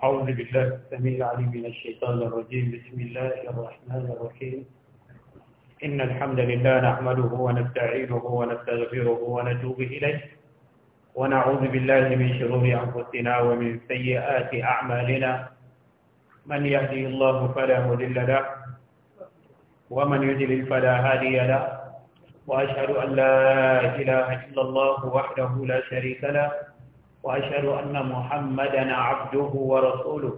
أعوذ بالله السميع العليم من الشيطان الرجيم بسم الله الرحمن الرحيم إن الحمد لله نحمده ونستعينه ونستغفره ونتوب إليه ونعوذ بالله من شرور أنفسنا ومن سيئات أعمالنا من يهدي الله فلا مضل له ومن يضلل فلا هادي له وأشهد أن لا إله إلا الله وحده لا شريك له وأشهد أن محمدا عبده ورسوله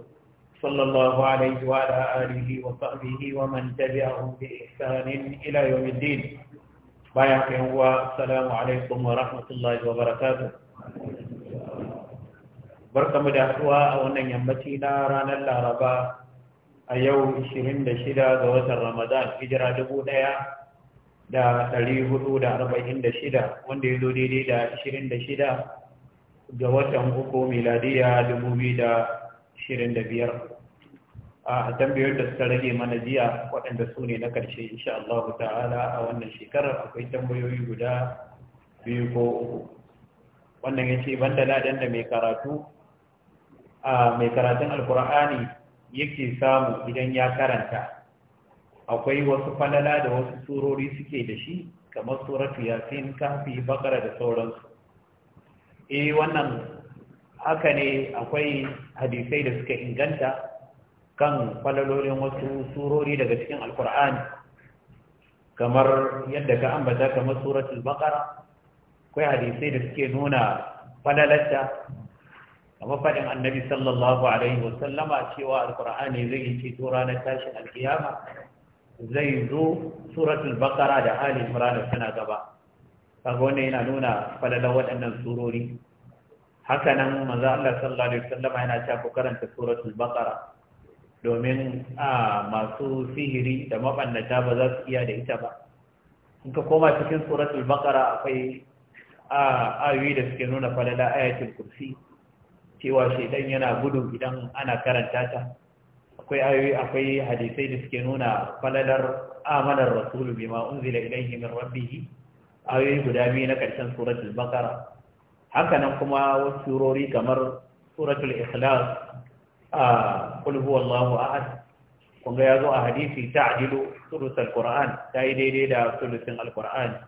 صلى الله عليه وعلى آله وصحبه ومن تبعهم بإحسان إلى يوم الدين بايعك هو السلام عليكم ورحمة الله وبركاته barkamu da haɗuwa a wannan yammaci na ranar laraba a yau 26 ga watan ramadan hijira 1446 wanda ya zo daidai da 26 ga watan uku miladiya dubu biyu da da shirin biyar. a tambayoyin da suka rage mana jiya waɗanda su ne na ƙarshe insha Allah ta'ala a wannan shekarar akwai tambayoyi guda biyu ko uku wannan ya ce banda ladan da mai karatu a mai karatun alkur'ani yake samu idan ya karanta akwai wasu falala da wasu surori suke da shi kamar suratu yasin kafi bakara da sauransu eh wannan haka ne akwai hadisai da suka inganta kan falalolin wasu surori daga cikin alkur'ani kamar yadda ka ambata kamar suratul baqara akwai hadisai da suke nuna falalarta kamar faɗin annabi sallallahu alaihi wasallama cewa alkur'ani zai yi ceto ranar tashin alkiyama zai zo suratul baqara da hali imran tana gaba kaga wannan yana nuna falalar waɗannan surori haka nan manzo Allah sallallahu alaihi wasallam yana cewa ku karanta suratul baqara domin a masu sihiri da mabannata ba za su iya da ita ba in ka koma cikin suratul baqara akwai a ayoyi da suke nuna falala ayatul kursi cewa dan yana gudu idan ana karanta ta akwai ayoyi akwai hadisai da suke nuna falalar amanar rasulu bima unzila ilayhi min rabbihi ayoyi guda biyu na ƙarshen suratul bakara hakanan kuma wasu surori kamar suratul ikhlas a kulhu wallahu ahad kun ga yazo a hadisi ta'dilu sulusul qur'an yi daidai da sulusin alqur'an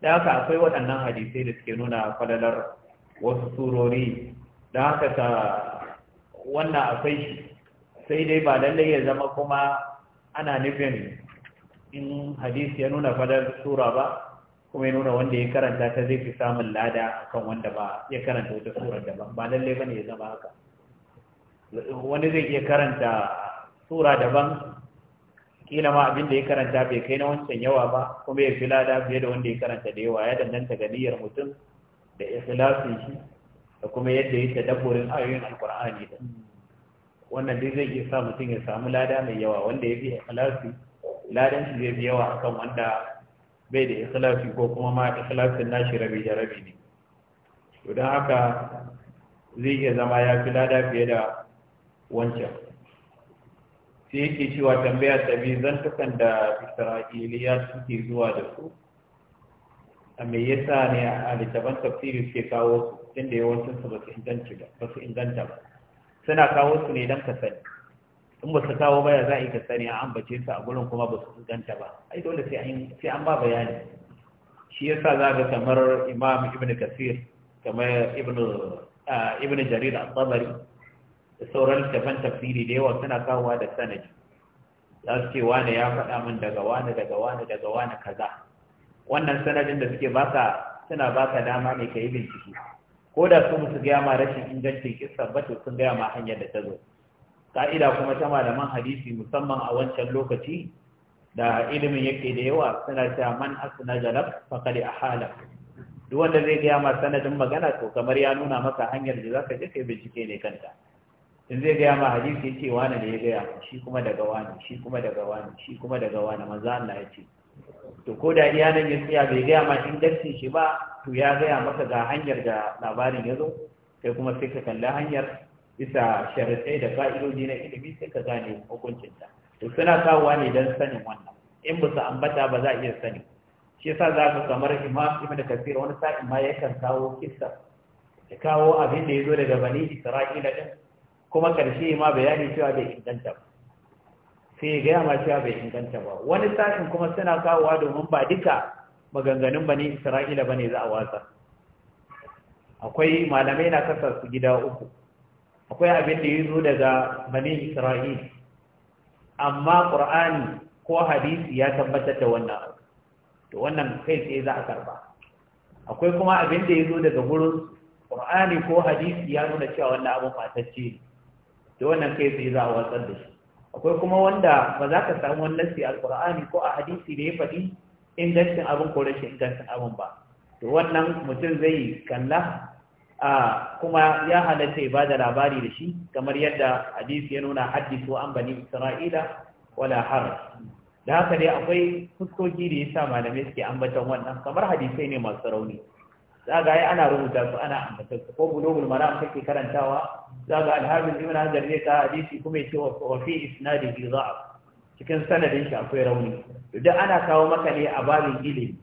da haka akwai waɗannan hadisai da suke nuna falalar wasu surori da haka ta wannan akwai shi sai dai ba lallai ya zama kuma ana nufin in hadisi ya nuna falalar sura ba kuma ya nuna wanda ya karanta ta zai fi samun lada akan wanda ba ya karanta wata surar daban ba lalle ba ne ya zama haka wani zai iya karanta sura daban kila ma abin da ya karanta bai kai na wancan yawa ba kuma ya fi lada fiye da wanda ya karanta da yawa ya danganta ga niyyar mutum da ikhlasin shi da kuma yadda ya tadabburin ayoyin alqur'ani da wannan dai zai iya sa mutum ya samu lada mai yawa wanda ya fi ikhlasi ladan shi zai fi yawa akan wanda bai da ikhlasi ko kuma ma ikhlasin nashi rabi da rabi ne to don haka zai iya zama ya fi lada fiye da wancan sai yake cewa tambaya ta biyu zantukan da isra'iliya suke zuwa da su a me yasa ne a littafan tafsiri suke kawo su inda yawancinsu ba su inganta ba suna kawo su ne don ka sani in ba su kawo baya za a yi ka sani an ambace su a gurin kuma ba su ganta ba ai dole sai an ba bayani shi yasa za ga kamar imam ibn kasir kamar ibn jarir al-tabari da sauran littafan tafsiri da yawa suna kawowa da sanadi za su ce wane ya faɗa min daga wane daga wane daga wane kaza wannan sanadin da suke baka suna baka dama ne ka yi bincike ko da su musu gaya ma rashin ingancin kissa ba to sun gaya ma hanyar da ta zo ka'ida kuma ta malaman hadisi musamman a wancan lokaci da ilimin yake da yawa suna cewa man asna jalab faqad ahala duk wanda zai gaya ma sanadin magana to kamar ya nuna maka hanyar da zaka je kai bincike ne kanta in zai gaya ma hadisi ce wani da ya gaya shi kuma daga wani shi kuma daga wani shi kuma daga wani manzo Allah ya ce to ko da iya nan ya tsaya bai gaya ma ingancin shi ba to ya gaya maka ga hanyar da labarin ya zo kai kuma sai ka kalli hanyar bisa sharaɗai da ƙa'idoji na ilimi sai ka gane hukuncinta to suna kawowa ne don sanin wannan in ba su ambata ba za a iya sani shi yasa za ka kamar imam ibn kasir wani sa'in ma yakan kawo kissa ya kawo abin da ya zo daga bani isra'ila din kuma karshe ma bayani cewa bai inganta ba sai ya gaya ma cewa bai inganta ba wani sa'in kuma suna kawowa domin ba duka maganganun bani isra'ila ba ne za a watsa. akwai malamai na kasa su gida uku akwai abin da ya zo daga bani isra'il amma Qur'ani ko hadisi ya tabbatar da wannan to wannan kai sai za a karba akwai kuma abin da ya zo daga gurin Qur'ani ko hadisi ya nuna cewa wannan abu matacce ne to wannan kai sai za a watsar da shi akwai kuma wanda ba za ka samu wani Al-Qur'ani ko a hadisi da ya faɗi ingancin abin ko rashin ingancin abin ba to wannan mutum zai kalla a kuma ya halatta ya bada labari da shi kamar yadda hadisi ya nuna haddisu an bani isra'ila wala har da haka dai akwai fuskoki da yasa malamai suke ambaton wannan kamar hadisai ne masu rauni za ga ai ana rubuta su ana ambaton su ko bulugul maram kake karantawa za ga alhabin ibn hajar ne ka hadisi kuma ce wa fi bi dha'f cikin sanadin shi akwai rauni duk ana kawo maka ne a babin ilimi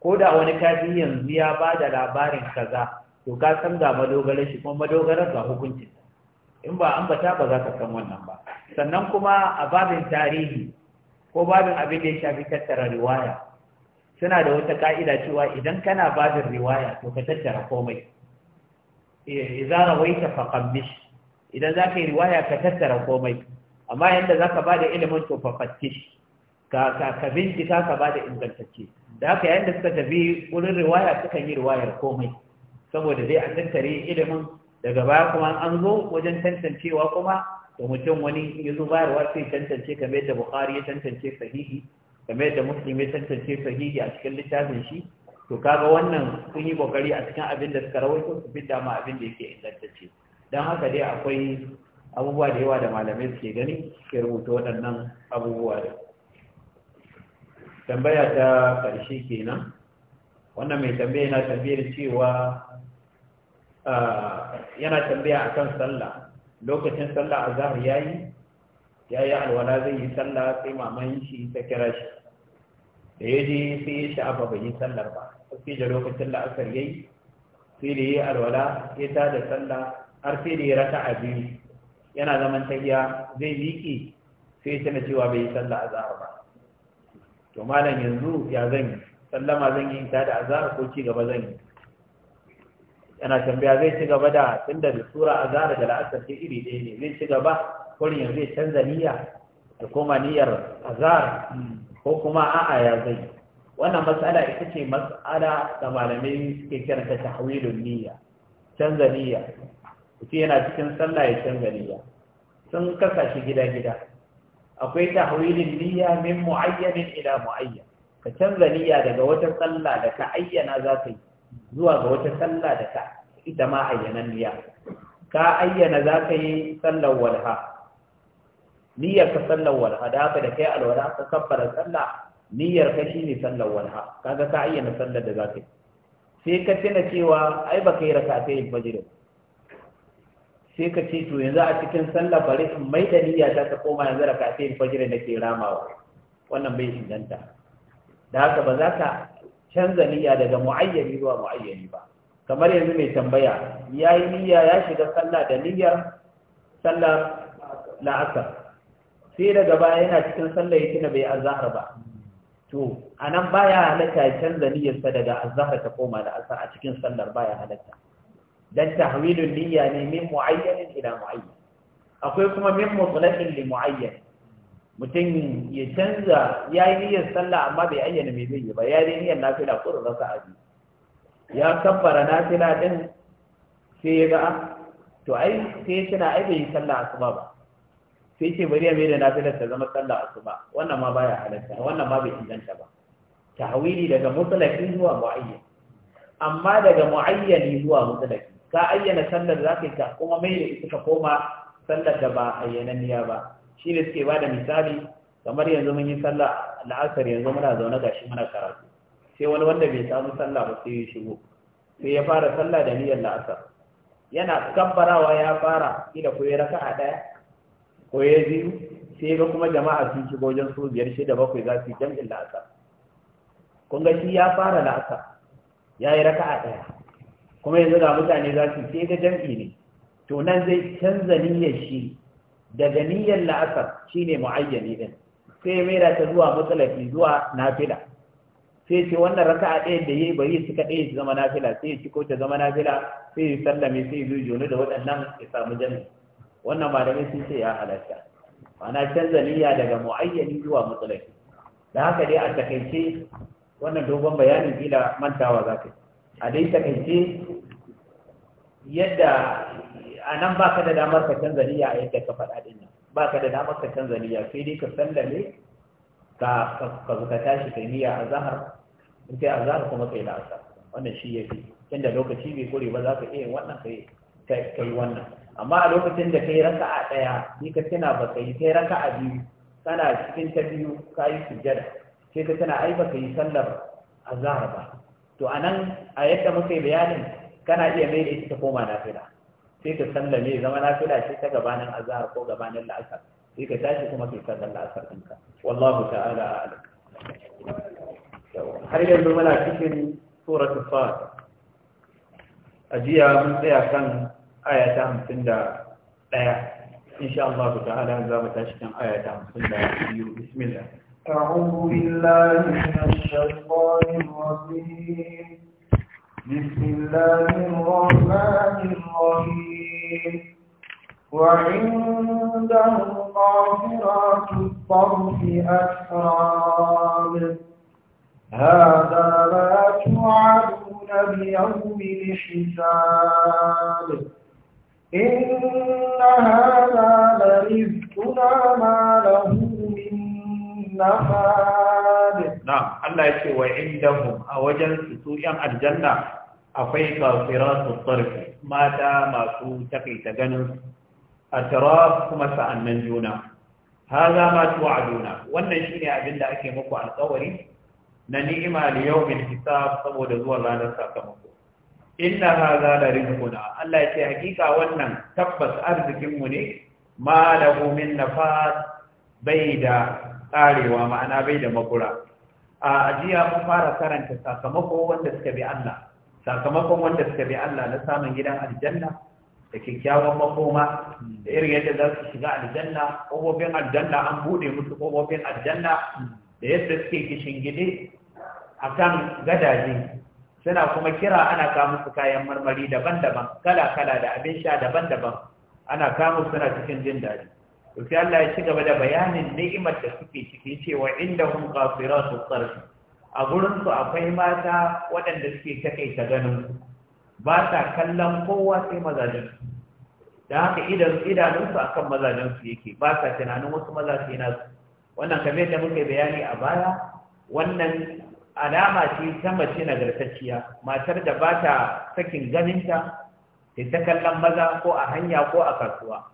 ko da wani kafi yanzu ya bada labarin kaza to ka san ga madogarar shi kuma madogarar ga hukuncin in ba an bata ba za ka san wannan ba sannan kuma a babin tarihi ko babin abin da ya shafi tattara riwaya suna da wata ka'ida cewa idan kana babin riwaya to ka tattara komai eh, idza rawaita faqammish idan za ka yi riwaya ka tattara komai amma yanda za ka bada ilimin to fafattish ka ka bincika ka da ingantacce da haka yayin da suka tafi wurin riwaya sukan yi riwayar komai saboda zai a tattare ilimin daga baya kuma an zo wajen tantancewa kuma da mutum wani ya zo bayarwa sai tantance kamar yadda bukhari ya tantance sahihi kamar yadda muslim ya tantance sahihi a cikin littafin shi to kaga wannan sun yi kokari a cikin abin da suka rawaito su fidda ma abin da yake ingantacce don haka dai akwai abubuwa da yawa da malamai suke gani suke rubuta waɗannan abubuwa da tambaya ta ƙarshe kenan wannan mai tambaya na tambayar cewa yana tambaya a kan sallah lokacin sallah yi ya yi alwala zai yi sallah sai maman shi ta kira shi da ya je sai ya sha'afa bai yi sallar ba sai da lokacin la'asar yayi sai da ya yi alwala ya ta da sallah har sai da ya a biyu yana zaman tahiya zai miƙe sai ya tana cewa bai yi sallah zahar ba to malam yanzu ya zan yi sallama zan yi ta da azahar ko ci gaba zan yi yana tambaya zai ci gaba da tunda da sura zara da la'asar ke iri ɗaya ne zai ci gaba yanzu zai canza niyya da kuma niyyar azhar ko kuma a'a ya zai wannan matsala ita ce matsala da malamai suke kiran ta tahwilun niyya canza niyya mutum yana cikin sallah ya canza niyya sun kasa shi gida-gida akwai tahwilun niyya min mu'ayyanin ila mu'ayyan ka canza niyya daga wata sallah da ka ayyana za ka yi zuwa ga wata sallah da ta ita ma ayyana niyya ka ayyana za ka yi sallar walha niyyar ka sallar walha da haka da kai alwala ka kabbara sallah niyyar ka shi ne sallar walha kaga ka ayyana sallar da za ka yi sai ka tuna cewa ai baka yi raka ta yin fajr sai ka ce to yanzu a cikin sallar bari in mai da niyya ta ta koma yanzu raka ta yin da ke ramawa wannan bai inganta da haka ba za ka canza niyya daga muayyani zuwa muayyani ba kamar yanzu mai tambaya ya yi niyya ya shiga sallah da niyyar sallar la'asar sai daga baya yana cikin sallah ya tuna bai azahar ba to a nan baya halatta ya canza niyyarsa daga azahar ta koma da asar a cikin sallar baya halatta dan tahwilun niyya ne min mu'ayyanin ila mu'ayyan akwai kuma min mutlaqin li mu'ayyan mutum ya canza ya yi niyyar sallah amma bai ayyana mai zai yi ba ya yi niyyar nafila ko da rasa abi ya kabbara nafila din sai ya ga ah, to ai sai ya tana ai bai yi sallah asuba ba sai ce bari ya maida da nafilar ta zama sallah asuba wannan ma baya halatta wannan ma bai inganta ba tahwili daga mutlaqi zuwa muayyan amma daga muayyani zuwa mutlaqi ka ayyana sallar ka yi ta kuma mai da ita ka koma sallar da ba ayyananniya ba Shi ne suke ba da misali kamar yanzu mun yi sallah la'asar yanzu muna zaune gashi muna karatu sai wani wanda bai samu sallah ba sai ya shigo sai ya fara sallah da niyyar la'asar yana kabbarawa ya fara kila ko ya raka'a daya ko ya biyu sai ga kuma jama'a sun shigo wajen su biyar shida bakwai za su yi jam'in la'asar kun ga shi ya fara la'asar ya yi raka'a daya kuma yanzu ga mutane za su sai ga jam'i ne to nan zai canza niyyar shi daga niyyar la'asar shi ne muayyani din sai ya mera ta zuwa matsalafi zuwa nafila sai ce wannan raka'a ɗaya da yayi bari suka ɗaya su zama nafila sai ya ci ta zama nafila sai ya sallame sai ya zo jono da waɗannan ya samu jami'i wannan malamai sun ce ya halatta ma'ana canza niyya daga muayyani zuwa matsalafi da haka dai a takaice wannan dogon bayanin kila mantawa za ka yi a dai takaice yadda a nan ba ka da damar ka canza niyya a yadda ka faɗa ɗin nan ba ka da damar ka canza niyya sai dai ka sallame ka ka tashi kai niyya a zahar in kai a zahar kuma kai la'asa wannan shi ya fi inda lokaci bai kure ba za ka iya wannan kai kai wannan amma a lokacin da kai raka a ɗaya ni ka tana ba ka yi kai raka a biyu kana cikin ta biyu ka yi sujjada sai ka tana ai ba ka yi sallar zahar ba to anan a yadda muka yi bayanin kana iya mai da ita ta koma nafila sai ka sallame zama nafila shi ta gabanin azhar ko gabanin la'asar sai ka tashi kuma kai sallar la'asar dinka wallahu ta'ala a'lam har yanzu muna cikin suratul fat ajiya mun tsaya kan aya ta hamsin da ɗaya إن شاء الله تعالى نزام تشكن آية عن بسم الله أعوذ بالله من الشيطان الرجيم بسم الله الرحمن الرحيم وعنده قاصرات الطرف أسراب هذا ما توعدون بيوم الحساب إن هذا لرزقنا ما له من نفاد نعم الله يشوي وعندهم أوجل سوء الجنة akwai kafiratu tsarfi mata masu takaita ganin atraf kuma sa'annan juna haza ma juna. wannan shine abin da ake muku alƙawari na ni'ima yau yawmin hisab saboda zuwan ranar sakamako inna haza da rizquna Allah ya ce hakika wannan tabbas arzikin mu ne ma lahu min bai da karewa ma'ana bai da makura a ajiya mun fara karanta sakamako wanda suka bi Allah sakamakon wanda suka bi Allah na samun gidan aljanna da kyakkyawan makoma da irin yadda za su shiga aljanna ƙofofin aljanna an buɗe musu ƙofofin aljanna da yadda suke gide a kan gadaje suna kuma kira ana kawo musu kayan marmari daban-daban kala-kala da abin sha daban-daban ana kama suna cikin jin daji. to sai Allah ya ci gaba da bayanin ni'imar da suke cikin cewa inda hum qasiratu tsarfi a gurinsu akwai mata waɗanda suke takaita ganin ba ta kallon kowa sai mazajensu da haka idanunsu a kan mazajensu yake ba ta tunanin wasu mazaje nasu wannan kamar da muke bayani a baya wannan alama ce ta mace nagartacciya matar da ba ta sakin ganinta ta ta kallon maza ko a hanya ko a kasuwa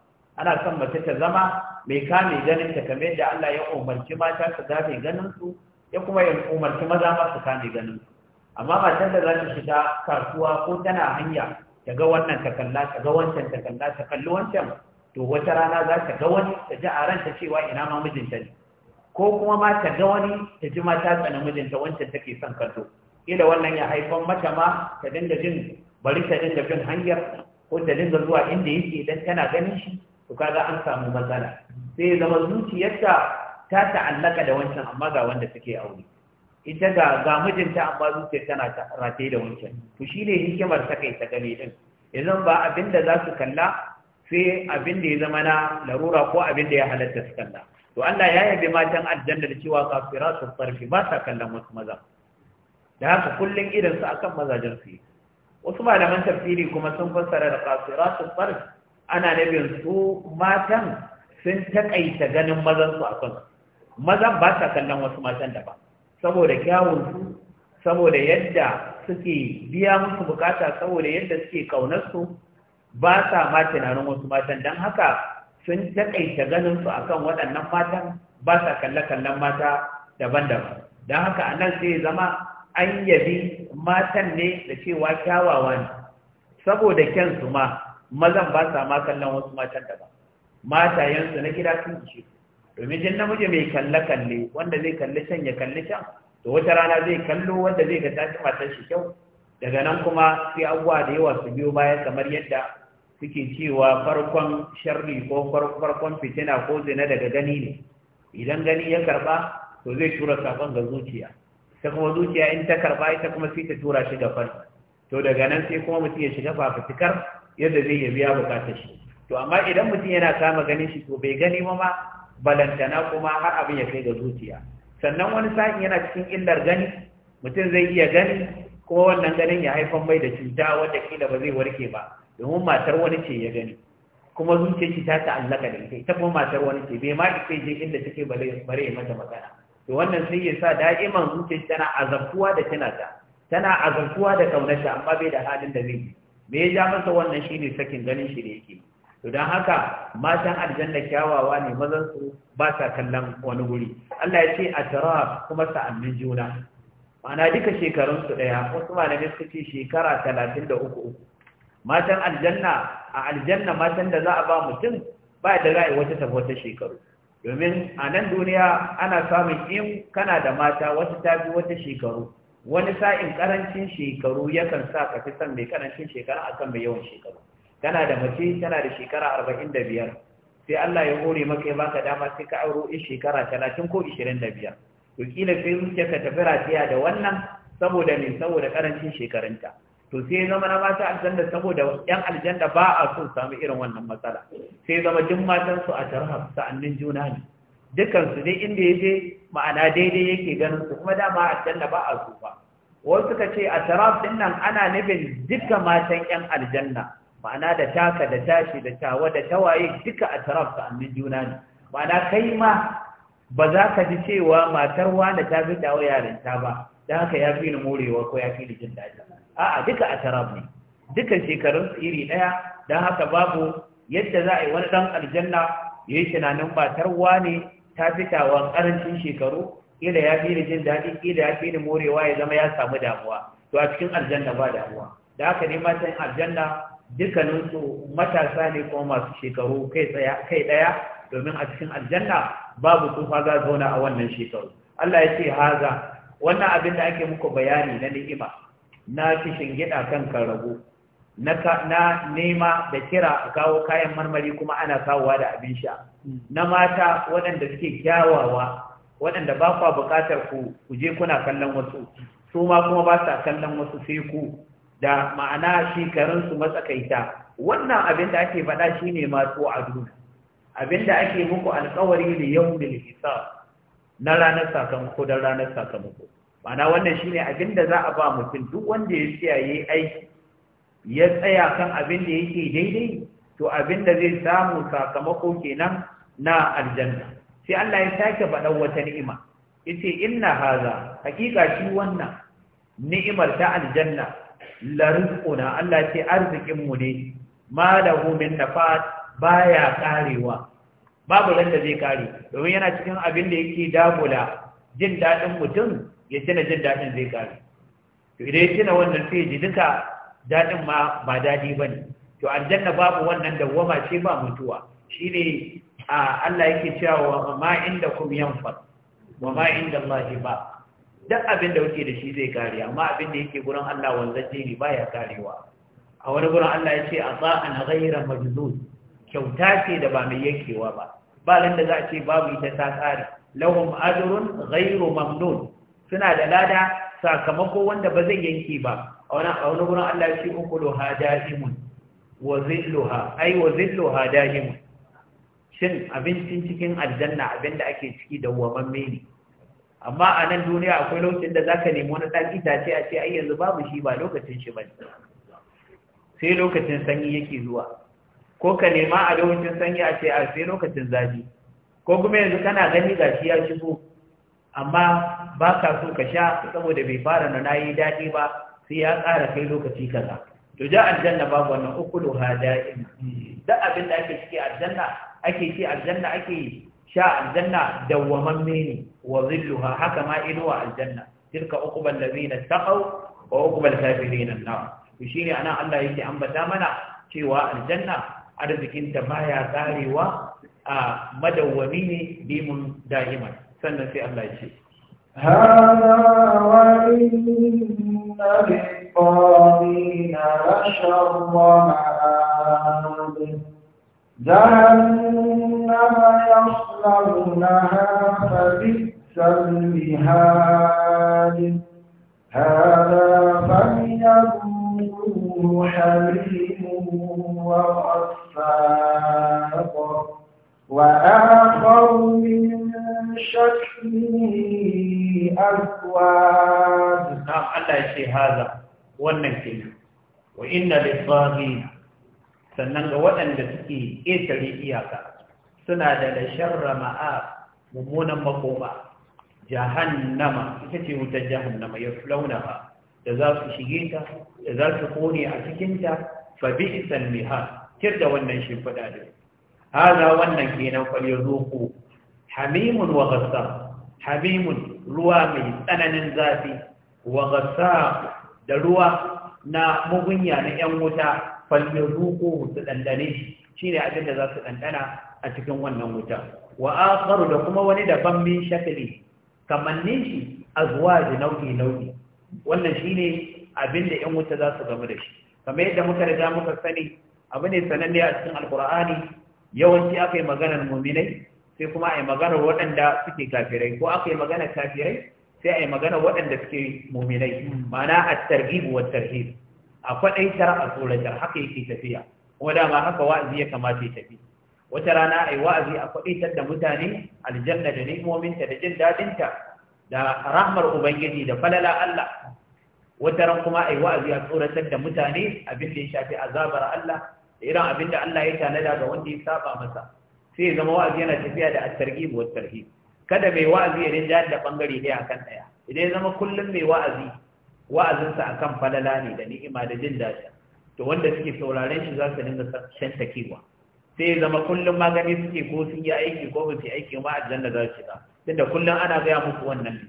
ana son mace ta zama mai kame ganinta kamar da Allah ya umarci mata su ganin ganinsu ya kuma ya umarci maza masu kame ganin amma matan da za ta shiga kasuwa ko tana hanya ta ga wannan ta kalla ta ga wancan ta kalla ta kalli wancan to wata rana za ta ga wani ta ji a ranta cewa ina ma mijinta ne ko kuma ma ta ga wani ta ji ma ta tsana mijinta wancan take son kallo ila wannan ya haifan mata ma ta dinga jin bari ta dinga jin hanyar ko ta dinga zuwa inda yake idan tana ganin shi to kaga an samu matsala sai zama zuciyarta ta ta'allaka da wancan amma ga wanda suke aure ita ga ga mijinta amma zuciyar tana rataye da wancan to shine hikimar ta kai ta gane din yanzu ba abin da za su kalla sai abin da ya zama na larura ko abin da ya halatta su kalla to Allah ya yabe matan aljanna da cewa kafira su farfi ba sa kallon wasu maza da haka kullun idan su akan mazajen su wasu malaman tafsiri kuma sun fassara da kafira su farfi ana nabin su matan sun takaita ganin mazan su akan su mazan ba sa kallon wasu matan da ba saboda kyawunsu saboda yadda suke biya musu bukata saboda yadda suke kaunarsu ba sa ma tunanin wasu matan don haka sun taƙaita ganinsu a kan waɗannan matan ba sa kalle kallon mata daban-daban don haka a nan sai zama an yabi matan ne da cewa kyawawa ne saboda kyansu ma mazan ba sa ma kallon wasu matan daban matayensu na gida sun ishe su domin jin namiji mai kalle-kalle wanda zai kalli can ya kalli can to wata rana zai kallo wanda zai ga tashi matan shi kyau daga nan kuma sai abuwa da yawa su biyo baya kamar yadda suke cewa farkon sharri ko farkon fitina ko zina daga gani ne idan gani ya karba to zai tura sakon ga zuciya ta kuma zuciya in ta karba ita kuma sai ta tura shi ga farko to daga nan sai kuma mutum ya shiga fafutukar yadda zai ya biya bukatar shi to amma idan mutum yana kama ganin shi to bai gani ma balantana kuma har abin ya kai ga zuciya sannan wani sa'in yana cikin illar gani mutum zai iya gani kuma wannan ganin ya haifan mai da cuta wanda kila ba zai warke ba domin matar wani ce ya gani kuma zuciya ci ta ta'allaka da ita ita kuma matar wani ce bai ma ita je inda take bare ya mata magana to wannan sai ya sa da'iman zuciya tana azabtuwa da tunata tana azabtuwa da kaunarta amma bai da halin da zai yi me ya ja masa wannan shine sakin ganin shi da yake to don haka matan aljanna kyawawa ne mazan su ba sa kallon wani guri Allah ya ce a tara kuma sa'annin juna ma'ana duka shekarun ɗaya, daya wasu malamai suka ce shekara talatin da uku uku matan aljanna a aljanna matan da za a ba mutum ba da ra'ayi wata tafi wata shekaru domin a nan duniya ana samun in kana da mata wata ta bi wata shekaru wani sa'in karancin shekaru yakan sa ka fi son mai karancin shekara akan mai yawan shekaru kana da mace tana da shekara arba'in da biyar sai Allah ya hore maka ya baka dama sai ka auro in shekara talatin ko ishirin da biyar to kila sai ka tafi rafiya da wannan saboda ne saboda karancin shekarunta to sai zama na mata aljanna saboda yan aljanna ba a so samu irin wannan matsala sai zama duk matan su a tarhab sa'annin juna ne dukkan su dai inda je ma'ana daidai yake ganin su kuma dama aljanna ba a so ba wasu ka ce a taraf din nan ana nufin dukkan matan yan aljanna ma'ana da taka da tashi da tawa da tawaye duka a taraf sa'annin juna ne ma'ana kai ma ba za ka ji cewa matar wani ta fi tawa yarinta ba don haka ya fi ni morewa ko ya fi ni jin daɗi a'a duka a taraf ne dukan shekarun iri ɗaya don haka babu yadda za a yi wani ɗan aljanna ya yi tunanin matar wani ta fi tawa ƙarancin shekaru ila ya fi ni jin daɗi ila ya fi ni morewa ya zama ya samu damuwa to a cikin aljanna ba damuwa da haka ne matan aljanna dukkaninsu matasa ne kuma masu shekaru kai ɗaya domin a cikin aljanna babu tsufa za zauna a wannan shekaru Allah ya ce haza wannan abin da ake muku bayani na ni'ima na kishin gida kan rabo. na nema da kira a kawo kayan marmari kuma ana kawowa da abin sha na mata waɗanda suke kyawawa waɗanda ba kwa buƙatar ku ku je kuna kallon wasu su kuma ba sa kallon wasu sai ku da ma'ana shekarunsu matsakaita wannan abin da ake faɗa shi ne masu aduna abin da ake muku alkawari da yau da lifisa na ranar sakamako da ranar sakamako ma'ana wannan shi ne abin da za a ba mutum duk wanda ya tsiyaye aiki ya tsaya kan abin da yake daidai to abin da zai samu sakamako kenan na aljanna sai Allah ya sake faɗa wata ni'ima yace inna haza hakika shi wannan ni'imar ta aljanna larizquna Allah ce arzikin mu ne ma lahu min nafat baya karewa babu ran zai kare domin yana cikin abin da yake dagula jin dadin mutum ya tuna jin dadin zai kare to idan ya tuna wannan sai ji duka dadin ma ba dadi bane to aljanna babu wannan da wama ce ba mutuwa shine Allah yake cewa ma inda kum yanfa wa ma inda Allah ba duk abin da kuke da shi zai kare amma abin da yake gurin Allah wanzaje ne baya karewa a wani gurin Allah ya ce an ghayra majzuz kyauta ce da ba mai yankewa ba ba da za a ce babu ita ta kare lahum ajrun ghayru mamnun suna da lada sakamako wanda ba zai yanke ba a wani gurin Allah ya ce ukulu hadaimun wa zilluha ai wa zilluha shin abincin cikin aljanna abin da ake ciki dawwamamme ne amma a nan duniya akwai lokacin da zaka nemi wani ɗan itace a ce ai yanzu babu shi ba lokacin shi ba. sai lokacin sanyi yake zuwa ko ka nema a lokacin sanyi a ce a sai lokacin zafi ko kuma yanzu kana gani ga shi ya shigo amma ba ka so ka sha saboda bai fara na nayi daɗi ba sai ya ƙara kai lokaci kaza to ja aljanna babu wannan ukulu ha da abin da ake ciki aljanna ake ci aljanna ake sha aljanna dawwamamme ne wa zilluha haka ma inuwa aljanna tilka uqbal ladina taqaw wa uqbal kafirin an-nar to shine ana Allah yake ambata mana cewa aljanna arzikinta baya tsarewa a madawwami ne bimun da'iman sannan sai Allah ya ce هذا وإن للطاغين لشر مآب جهنم يصلونها فبئس المهاد هذا فليذوقوه حميم وغساق وآخر من شكله أزواج نعم الله هذا والنكتة وإن للطاغين sannan ga waɗanda suke ƙetare iyaka suna da da ma'a mummunan makoma jahannama ita ce wutar jahannama ya flauna ba da za su shige ta da za su kone a cikinta fa bi isan miha kir da wannan shimfiɗa da haza wannan kenan fal ya hamimun wa hamimun ruwa mai tsananin zafi wa da ruwa na mugunya na yan wuta فليذوقوه تدندني شيني أبن ذا تدندنا أتكن ونن وتا وآخر لكم وندا بم من شكله كمن نشي da nau'i-nau'i. wannan shine abin da 'yan wuta za su gamu da shi kamar yadda muka riga muka sani abu ne sananne a cikin alkur'ani yawanci aka yi maganar muminai sai kuma a yi maganar waɗanda suke kafirai ko aka yi maganar kafirai sai a yi maganar waɗanda suke muminai ma'ana a targhib wa a kwaɗaitar a tsoratar haka yake tafiya kuma dama haka wa'azi ya kamata ya tafi wata rana a yi wa'azi a kwaɗaitar da mutane aljanna da ni'imominta da jin daɗinta da rahmar ubangiji da falala Allah wata ran kuma a yi wa'azi a tsoratar da mutane abin da ya shafi azabar Allah da irin abin da Allah ya tanada ga wanda ya saba masa sai zama wa'azi yana tafiya da at wa tarhib kada mai wa'azi ya rinja da bangare ɗaya akan ɗaya idan ya zama kullum mai wa'azi wa'azinsa a kan falala ne da ni'ima da jin daɗi to wanda suke sauraren shi za su dinga takewa. sai zama kullum magani suke ko sun yi aiki ko ba su aiki ma aljanna za su shiga tunda kullum ana gaya muku wannan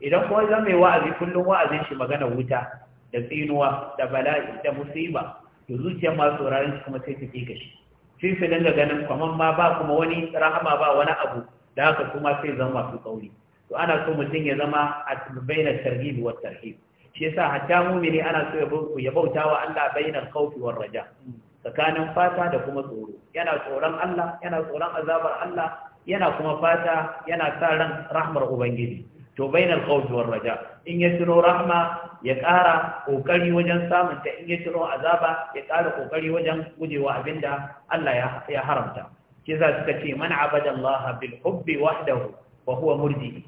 idan kuma zan mai wa'azi kullum wa'azin shi magana wuta da tsinuwa da bala'i da musiba to zuciyar masu sauraren shi kuma sai ta ke shi sai su dinga ganin kwaman ma ba kuma wani rahama ba wani abu da haka kuma sai zama masu kauri to ana so mutum ya zama a bayyana tarhibi wa tarhibi shi yasa hatta mumini ana so ya bauta wa Allah bainal khawfi war raja tsakanin fata da kuma tsoro yana tsoron Allah yana tsoron azabar Allah yana kuma fata yana sa ran rahmar ubangiji to bainal khawfi war raja in ya tuno rahma ya ƙara ƙoƙari wajen samun ta in ya tuno azaba ya ƙara ƙoƙari wajen gujewa abinda Allah ya haramta kiza suka ce man abada Allah bil hubbi wahdahu wa huwa murji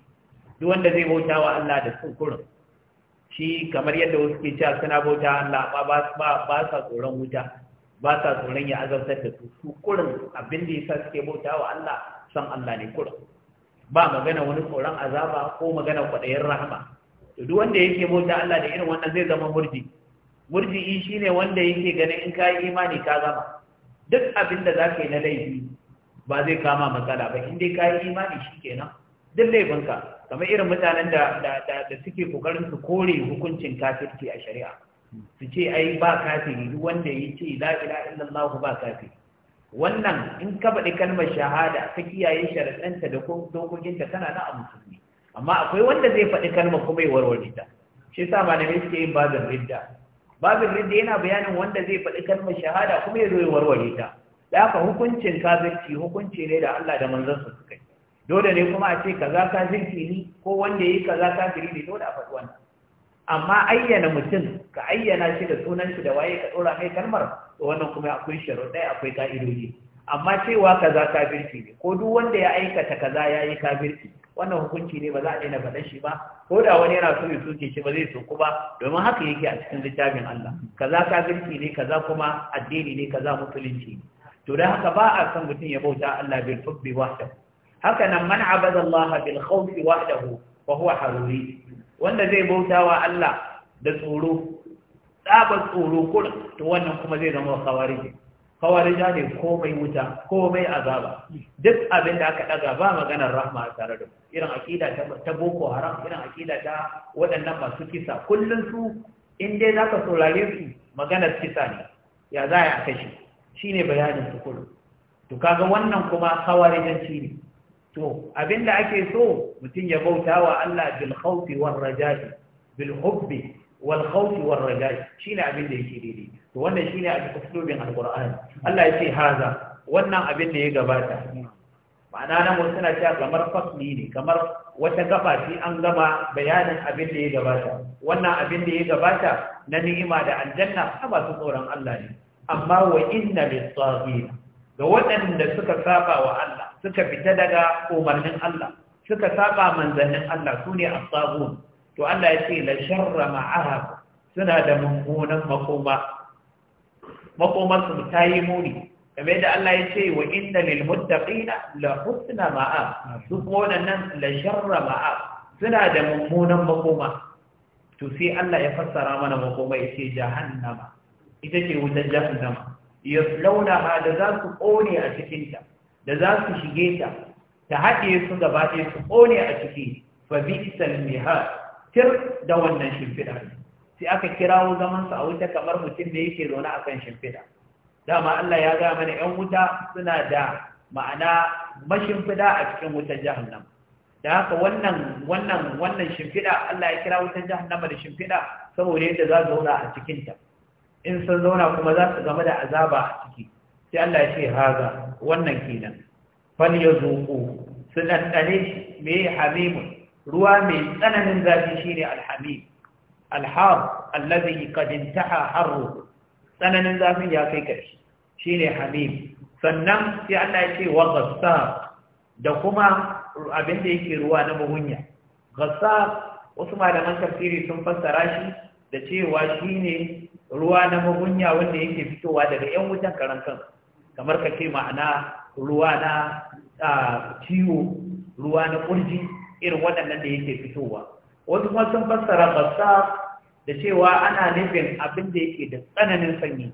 duk wanda zai bauta wa Allah da son shi kamar yadda wasu ke cewa suna bauta Allah ba ba sa tsoron wuta ba sa tsoron ya azabtar da su su kurin abin da yasa suke bauta wa Allah san Allah ne kurin ba magana wani tsoron azaba ko magana kwaɗayin rahama to duk wanda yake bauta Allah da irin wannan zai zama murji shi ne wanda yake ganin in kai imani ka gama duk abin da zaka yi na laifi ba zai kama matsala ba in dai kai imani shikenan duk laifinka kamar irin mutanen da da suke kokarin su kore hukuncin kafirci a shari'a su ce ai ba kafiri duk wanda ya ce la ilaha illallah ba kafiri wannan in ka faɗi kalmar shahada ka kiyaye sharadanta da dokokinta tana na a musulmi amma akwai wanda zai faɗi kalmar kuma ya warware ta shi yasa ne suke yin babin ridda babin ridda yana bayanin wanda zai faɗi kalmar shahada kuma ya zo ya warware ta da haka hukuncin kafirci hukunci ne da Allah da sa dole ne kuma a ce kaza kafirci ne ko wanda ya yi kaza kafiri ne dole a faɗi wannan amma ayyana mutum ka ayyana shi da sunan shi da waye ka dora kai kalmar to wannan kuma akwai sharuɗai akwai ka'idoji amma cewa kaza kafirci ne ko duk wanda ya aikata kaza ka kafirci wannan hukunci ne ba za a daina faɗan shi ba ko da wani yana so ya soke shi ba zai so ba domin haka yake a cikin littafin Allah kaza kafirci ne kaza kuma addini ne kaza musulunci ne to da haka ba a san mutum ya bauta Allah bil hubbi wahdahu haka nan man abada Allah bil khawf wahdahu wa huwa haruri wanda zai bautawa Allah da tsoro tsaba tsoro kurin to wannan kuma zai zama khawarij khawarij ne komai wuta komai azaba duk abin da aka daga ba maganar rahma tare da irin akida ta boko haram irin akida ta waɗannan masu kisa kullun su in dai zaka saurare su maganar kisa ne ya za a kashe shine bayanin su kullu to kaga wannan kuma khawarijanci ne to abinda ake so mutum ya bauta wa Allah bil khawfi war raja'i bil hubbi wal khawfi war raja'i shine abinda yake daidai to wannan shine a cikin alqur'ani Allah ya ce haza wannan abin da ya gabata ma'ana nan wasu suna cewa kamar fasli ne kamar wata gaba ce an gama bayanin abin da ya gabata wannan abin da ya gabata na ni'ima da aljanna ta masu tsoron Allah ne amma wa inna lis-saghir ga waɗanda suka saba wa Allah suka fita daga umarnin Allah suka saba manzannin Allah su ne asabun to Allah ya ce la sharra ma'aha suna da mummunan makoma makomar ta yi muni kamar yadda Allah ya ce wa inda lil muttaqina la husna ma'a su kuma nan, la sharra ma'a suna da mummunan makoma to sai Allah ya fassara mana makoma ya ce jahannama ita ce wutar jahannama yaslaunaha da za su kone a cikinta da za su shige ta ta haɗe su gaba ɗaya su ƙone a ciki fa bi isal mihar tir da wannan shimfiɗa sai aka kirawo zamansa a wuta kamar mutum da yake zaune a kan shimfiɗa dama Allah ya gaya mana ‘yan wuta suna da ma'ana mashimfiɗa a cikin wutar jahannam da haka wannan wannan wannan shimfiɗa Allah ya kira wutar jahannama da shimfiɗa saboda yadda za su zauna a cikinta in sun zauna kuma za su game da azaba a ciki sai Allah ya ce haza wannan kenan fal yazuqu su me hamimun ruwa mai tsananin zafi shine alhamim alhar allazi qad intaha harru tsananin zafi ya kai karshe shine hamim sannan sai Allah ya ce wa ghassaq da kuma abin da yake ruwa na mugunya. ghassaq wasu malaman tafsiri sun fassara shi da cewa shine ruwa na mugunya wanda yake fitowa daga yan wutan karan kansu kamar ka ma'ana ruwa na ciwo ruwa na ƙurji irin waɗannan da yake fitowa wasu kuma fassara basa da cewa ana nufin abin da yake da tsananin sanyi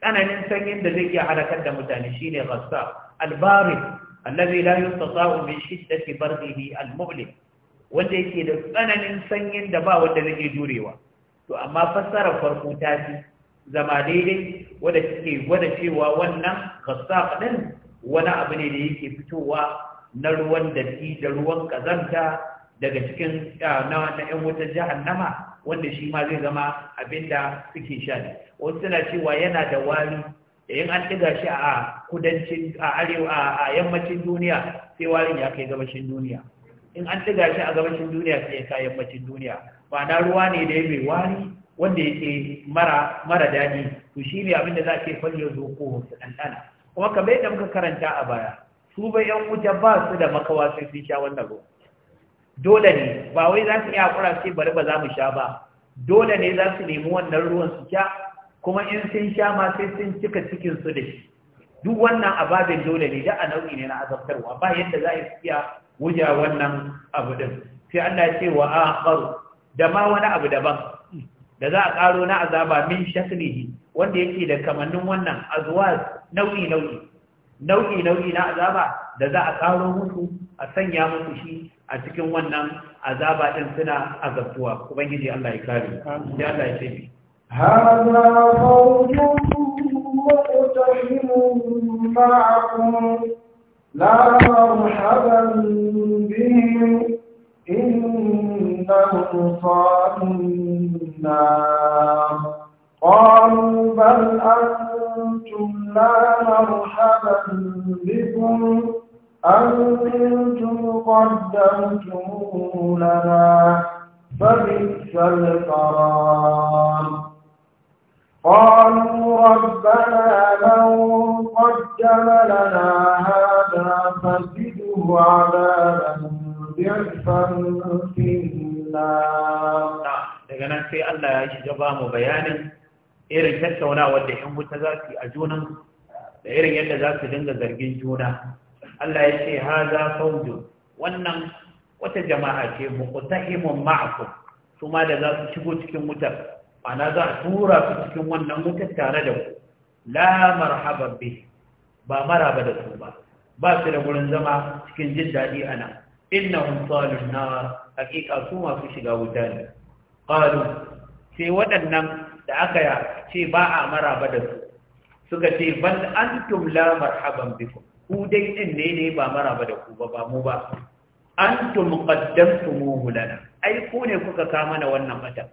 tsananin sanyin da zai iya harakar da mutane shine basa albari allazi la yustata'u min shiddati bardihi almu'lim wanda yake da tsananin sanyin da ba wanda zai jurewa to amma fassara farko ta fi zama daidai wadda suke gwada cewa wannan kasaf ɗin wani abu ne da yake fitowa na ruwan datti da ruwan kazanta daga cikin ah, na yan wutar jahannama wanda shi ma zai zama abin da suke sha ne wasu suna cewa yana da wari in an ɗiga shi a kudancin a arewa a yammacin duniya sai warin ya kai gabashin duniya in an ɗiga shi a gabashin duniya sai ya kai yammacin duniya ba na ruwa ne da ya mai wari wanda yake mara mara daɗi to shi ne abinda za ke falle zo ko su ɗanɗana kuma kamar yadda muka karanta a baya su bai yan wuta ba su da makawa sai sun sha wannan ruwa dole ne ba wai za su iya hakura sai bari ba za mu sha ba dole ne za su nemi wannan ruwan su sha kuma in sun sha ma sai sun cika cikin su da shi duk wannan ababin dole ne da a nau'i ne na azabtarwa ba yadda za a iya wuja wannan abu din sai Allah ya ce wa aqaru da ma wani abu daban da za a ƙaro na azaba min shaklihi wanda yake da kamannin wannan azwaz nau'i nau'i nau'i nau'i na azaba da za a ƙaro musu a sanya musu shi a cikin wannan azaba din suna azabtuwa ubangiji Allah ya kare sai Allah ya ce hada فوج wa إنهم صالوا قالوا بل أنتم لا مرحبا بكم أنتم قدمتم لنا فبئس القرار قالوا ربنا لو قدم لنا هذا فزده عذابا daga nan sai Allah ya shiga ba mu bayanin irin tattaunawar da ‘yan wuta za su yi a junan da irin yadda za su dinga zargin juna. Allah ya ce, ha za wannan wata jama'a ce muqtahimun ma'akum su ma da za su shigo cikin wutar, ana za a tura su cikin wannan wutar tare da ku. La marhaban bi, ba da su ba, ba su da wurin zama cikin jin daɗi a nan. Inna salun na hakika su masu shiga wuta ne qalu sai waɗannan da aka ce ba a maraba da su suka ce ban antum la marhaban bikum ku dai din ne ne ba maraba da ku ba ba mu ba antum qaddamtumuhu lana ai ku ne kuka ka mana wannan bata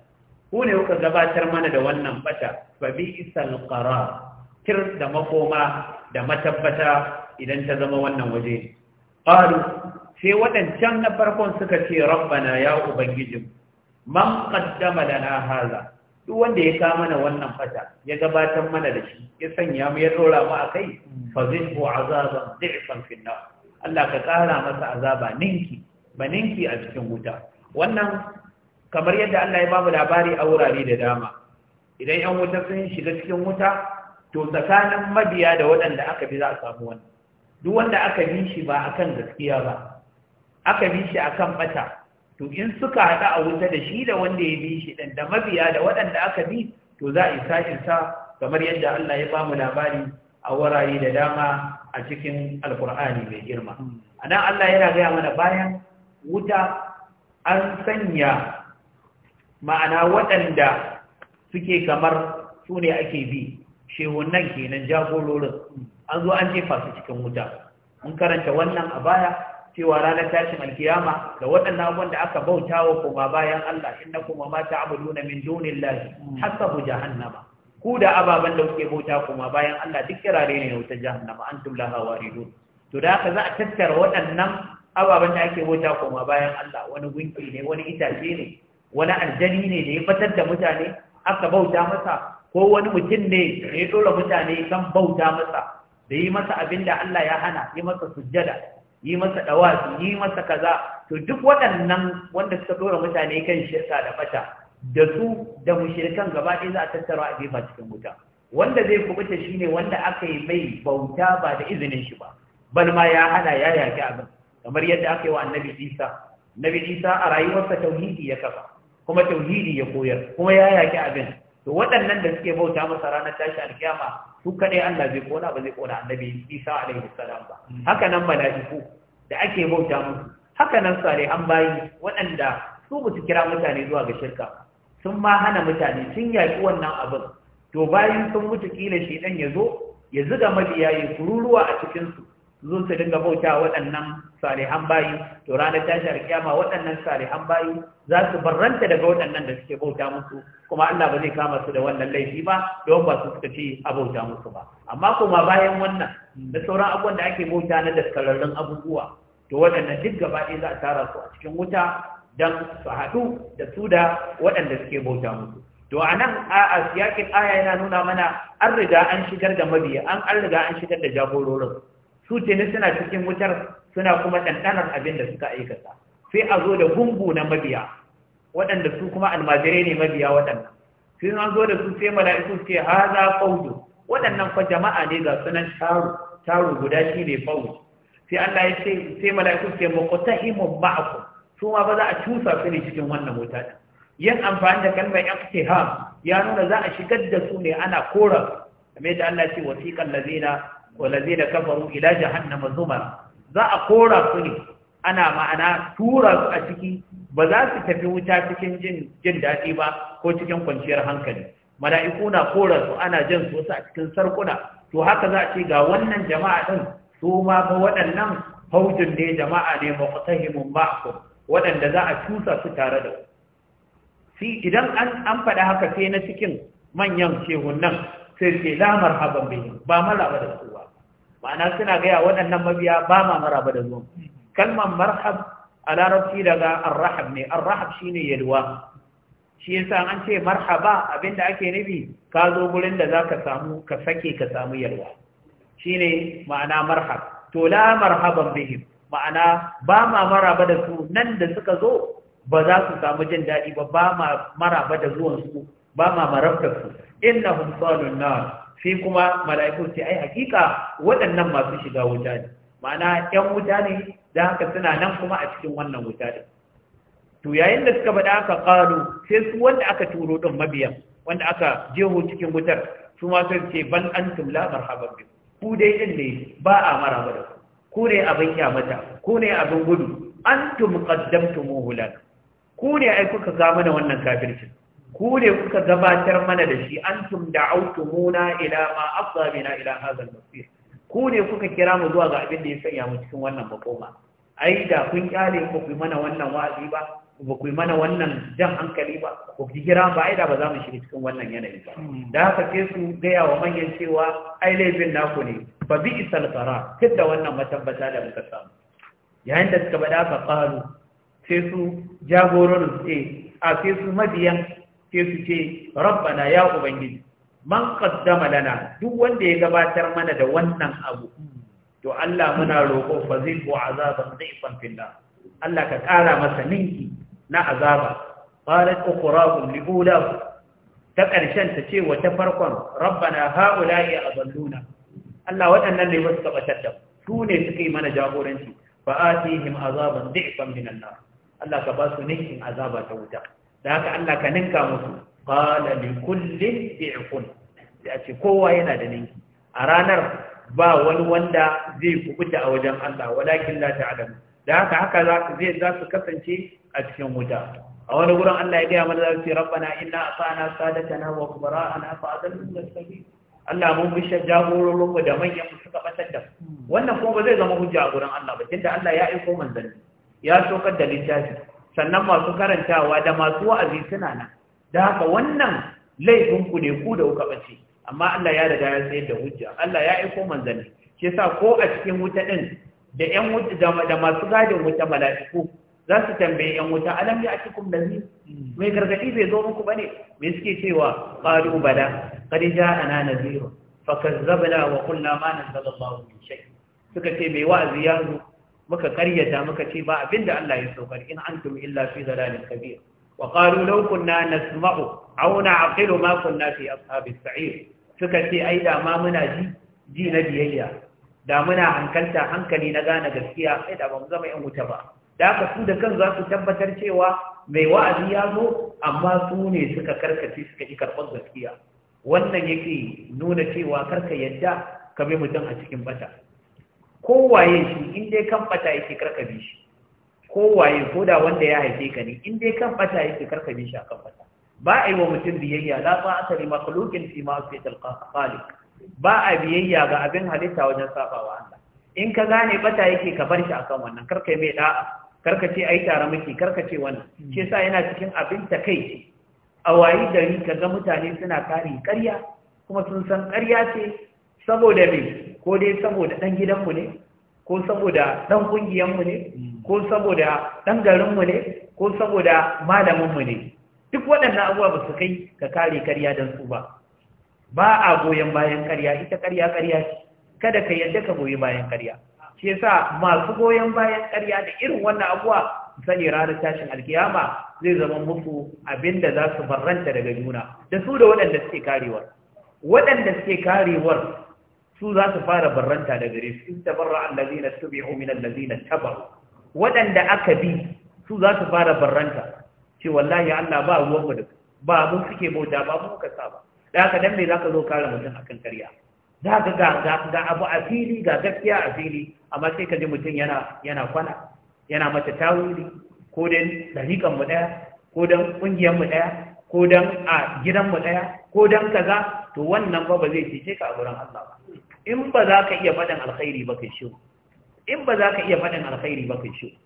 ku ne kuka gabatar mana da wannan bata fa bi isal qarar kir da makoma da matabbata idan ta zama wannan waje qalu sai waɗancan na farkon suka ce rabbana ya ubangijin man qaddama na haza, duk wanda ya ka mana wannan fata ya gabatar mana da shi ya sanya mu ya dora mu akai fa zidhu azaban dhi'fan fi nar Allah ka kara masa azaba ninki ba ninki a cikin wuta wannan kamar yadda Allah ya babu labari a wurare da dama idan yan wuta sun shiga cikin wuta to tsakanin mabiya da waɗanda aka bi za a samu wannan duk wanda aka bi shi ba akan gaskiya ba aka bi shi akan bata to in suka haɗu a wuta da shi da wanda ya bi shi ɗin da mabiya da waɗanda aka bi to za a isa isa kamar yadda Allah ya bamu labari a wurare da dama a cikin alkur'ani mai girma a nan Allah yana gaya mana bayan wuta an sanya ma'ana waɗanda suke kamar su ne ake bi shehunan kenan jagororin an zo an jefa su cikin wuta mun karanta wannan a baya cewa ranar tashin alkiyama da waɗannan abubuwan da aka bauta wa kuma bayan Allah inna kuma ma ta'buduna min dunillahi hasabu jahannama ku da ababen da kuke bauta kuma bayan Allah duk kirare ne wutar jahannama An antum laha waridun to da haka za a tattara waɗannan ababen da ake bauta kuma bayan Allah wani gunki ne wani itace ne wani aljani ne da ya fatar da mutane aka bauta masa ko wani mutum ne da ya dora mutane kan bauta masa da yi masa abin da Allah ya hana yi masa sujjada yi masa dawasi yi masa kaza to duk waɗannan wanda suka dora mutane kan shirka da bata da su da mushrikan gaba ɗaya za a tattara a jefa cikin wuta wanda zai kubuta shine wanda aka yi mai bauta ba da izinin shi ba bal ma ya hana ya yaki abin kamar yadda aka yi wa annabi isa nabi isa a rayuwarsa tauhidi ya kafa kuma tauhidi ya koyar kuma ya yaki abin to waɗannan da suke bauta masa ranar tashi alkiyama su kadai Allah zai kona ba zai kona annabi Isa alaihi salam ba haka nan mala'iku da ake bauta musu haka nan sare, an bayi waɗanda su musu kira mutane zuwa ga shirka sun ma hana mutane sun yaƙi wannan abin to bayan sun mutu kila shedan ya zo ya zuga mabiya ya kururuwa a cikin su Zun su dinga bauta waɗannan salihan bayi to ranar tashi alkiyama waɗannan salihan bayi za su barranta daga waɗannan da suke bauta musu kuma Allah ba zai kama su da wannan laifi ba don ba su suka ci a bauta musu ba amma kuma bayan wannan da sauran abubuwan da ake bauta na daskararrun abubuwa to waɗannan duk gaba ɗaya za a tara su a cikin wuta don su haɗu da su da waɗanda suke bauta musu to a nan a siyakin aya yana nuna mana an riga an shigar da mabiya an riga an shigar da jagororin su ne suna cikin wutar suna kuma ɗanɗanar abin da suka aikata sai a zo da gungu na mabiya waɗanda su kuma almajirai ne mabiya waɗannan sai an zo da su sai mala'iku ce ha za fauju waɗannan fa jama'a ne ga sunan taro taru guda shi ne fauju sai Allah ya ce sai mala'iku ce muqtahimun ma'akum su ma ba za a cusa su ne cikin wannan wuta din yin amfani da kalmar iqtiham ya nuna za a shigar da su ne ana kora kamar yadda Allah ya ce wasiqal ladina والذين كفروا إلى جهنم زمرا za a kora su ne ana ma'ana tura su a ciki ba za su tafi wuta cikin jin daɗi ba ko cikin kwanciyar hankali mala'iku na kora su ana jin su a cikin sarkuna to haka za a ce ga wannan jama'a din su ma ba waɗannan haujin ne jama'a ne maƙutahimun ma'akum waɗanda za a cusa su tare da shi idan an an faɗa haka sai na cikin manyan shehun nan sai la marhaban bihi ba maraba da su ma'ana suna gaya waɗannan mabiya ba ma maraba da zuwa kalmar marhab a larabci daga arrahab ne arrahab ne yalwa shi yasa an ce marhaba abinda ake nufi ka zo gurin da za ka samu ka sake ka samu yalwa Shi ne ma'ana marhab to la marhaban bihim ma'ana ba ma maraba da su nan da suka zo ba za su samu jin daɗi ba ba ma maraba da zuwan su ba ma marabta su innahum salun nar sai kuma mala'iku sai ai hakika waɗannan masu shiga wuta ne ma'ana 'yan wuta ne da haka suna nan kuma a cikin wannan wuta ne to yayin da suka faɗa aka ƙalu sai su wanda aka turo ɗin mabiyan wanda aka jeho cikin wutar su ma sai ce ban an tumla marhaban bi ku dai din ne ba a maraba da ku ne abin kyamata ku ne abin gudu an tum qaddamtumuhu lana ku ne ai kuka ga mana wannan kafircin ku ne kuka gabatar mana da shi antum da'awtumuna ila ma afdabina ila hadha al-masir ku ne kuka kira mu zuwa ga abin da ya sanya mu cikin wannan makoma ai da kun kyale ku kuma mana wannan wa'azi ba ba kuma mana wannan jan hankali ba ku kira ba ai da ba za mu shiga cikin wannan yanayi ba da haka sai su gaya wa manyan cewa ai laifin naku ne fa bi isal qara kidda wannan matabbata da muka samu yayin da suka bada fa qalu sai su jagoron su a sai su mabiyan sai su ce rabbana ya ubangiji man qaddama lana duk wanda ya gabatar mana da wannan abu to Allah muna roƙo fazil wa azaban dhaifan fillah Allah ka ƙara masa ninki na azaba qalat ukhrahum li ula ta ƙarshen ta ce wata farkon rabbana haula'i azalluna Allah waɗannan ne wasu tabbatar da su ne suka yi mana jagoranci fa atihim azaban dhifan min Allah Allah ka ba su ninkin azaba ta wuta da haka Allah ka ninka musu qala li kullin bi'fun Ya ce kowa yana da ninki a ranar ba wani wanda zai kubuta a wajen Allah walakin la ta'lamu da haka haka zai za su kasance a cikin wuta a wani gurin Allah ya gaya mana za su ce rabbana inna asana sadatana wa kubara'ana fa adallu sabil Allah mun bi jagororin mu da manyan mu suka batar da wannan kuma ba zai zama hujja a gurin Allah ba tunda Allah ya aiko manzanni ya sokar da littafi sannan masu karantawa da masu wa'azi suna nan da haka wannan laifin ku ne ku da kuka bace amma Allah ya riga ya tsaye da hujja Allah ya aiko manzanni shi sa ko a cikin wuta din da ƴan wuta da masu gadin wuta mala'iku za su tambaye ƴan wuta alam ya atikum nazi, mai gargadi bai zo muku bane me suke cewa qalu Bada, qad ja'ana nazir fakazzabna wa qulna ma nazzala Allahu min shay suka ce mai wa'azi ya zo muka karyata muka ce ba abinda Allah ya saukar in antum illa fi dalalin kabir wa qalu law kunna nasma'u aw na'qilu ma kunna fi ashabis sa'ir suka ce ai da ma muna ji ji na biyayya da muna hankalta hankali na gane gaskiya sai da ba mu zama yan wuta ba da haka su da kan za su tabbatar cewa mai wa'azi ya zo amma su ne suka karkace suka yi karɓar gaskiya wannan yake nuna cewa karka yadda ka bi mutum a cikin bata kowaye shi in dai kan bata yake karkabe shi kowaye ko da wanda ya haife ka ne in dai kan bata yake karkabe shi akan bata ba a yi wa mutum biyayya la ba asali makhluqin fi ma fi khaliq ba a biyayya ga abin halitta wajen sabawa Allah in ka gane bata yake ka bar shi akan wannan karka mai da'a karka ce ai tare miki karka ce wannan shi yasa yana cikin abin ta kai? a wayi gari kaga mutane suna kare ƙarya kuma sun san ƙarya ce saboda me ko dai saboda ɗan gidanmu ne ko saboda ɗan ƙungiyarmu ne ko saboda ɗan garinmu ne ko saboda malaminmu ne duk waɗannan abuwa ba su kai ka kare karya don su ba ba a goyon bayan karya ita karya karya ce kada ka yadda ka goyi bayan karya shi yasa masu goyon bayan karya da irin wannan abuwa sani ranar tashin alkiyama zai zama musu abinda za su barranta daga juna da su da waɗanda suke karewar waɗanda suke karewar su za su fara barranta da gare su in tabarra allazina tubi'u min allazina tabaru wadanda aka bi su za su fara barranta ce wallahi Allah ba ruwan mu da ba mun suke bauta ba mun ka saba da haka dan me zaka zo kare mutum akan karya za ka ga ga abu a fili ga gaskiya a fili amma sai ka ji mutum yana yana kwana yana mata tawuri ko dan dariƙan mu daya ko dan ƙungiyar mu daya ko dan a gidan mu ko dan kaza to wannan ba ba zai cece ka a gurin Allah ba in ba za ka iya faɗin alkhairi ba kai shi in ba za ka iya faɗin alkhairi ba kai shi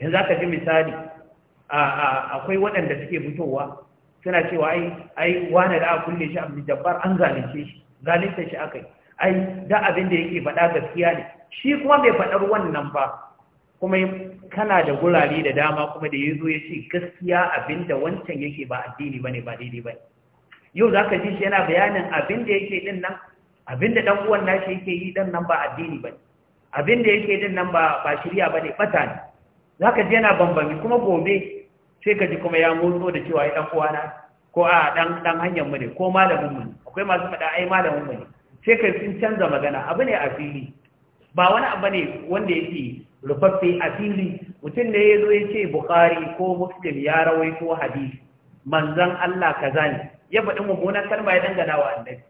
yanzu za ka ji misali akwai waɗanda suke fitowa suna cewa ai ai wani da aka kulle shi abin jabbar an zalunce shi zalunce shi akai ai da abin da yake faɗa gaskiya ne shi kuma bai faɗar wannan ba kuma kana da gurare da dama kuma da ya zo ya ce gaskiya abin da wancan yake ba addini bane ba daidai ba yau za ka ji shi yana bayanin abin da yake din nan abinda dan uwan nashi yake yi dan nan ba addini bane abinda yake din nan ba ba ne bane bata ne zaka ji yana bambami kuma gobe sai ka ji kuma ya motso da cewa ya dan uwana ko a dan dan hanyar mu ne ko malamin mu akwai masu fada ai malamin mu ne sai ka sun canza magana abu ne a fili ba wani abu ne wanda yake rufaffe a fili mutum ne ya zo ya ce bukari ko muslim ya rawaito hadisi manzan Allah kaza ne ya faɗi mummunan kalma ya dangana wa annabi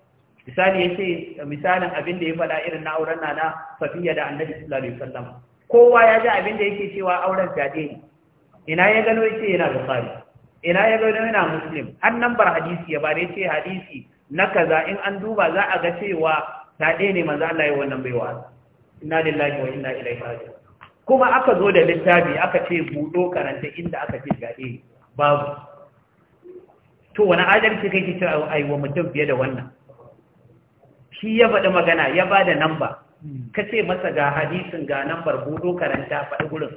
misali yace misalin abin da ya fada irin na auren nana safiya da annabi sallallahu alaihi wasallam kowa ya ji abin da yake cewa auren fyaɗe ne ina ya gano yace yana bukhari ina ya gano yana muslim har nan hadisi ya bare ce hadisi na kaza in an duba za a ga cewa fyaɗe ne manzo Allah ya wannan baiwa inna lillahi wa inna ilaihi raji'un kuma aka zo da littafi aka ce budo karanta inda aka ce fyaɗe babu to wani adalci ki cewa ai wa mutum fiye da wannan shi ya faɗi magana ya ba da namba ka ce masa ga hadisin ga nambar budo karanta faɗi gurin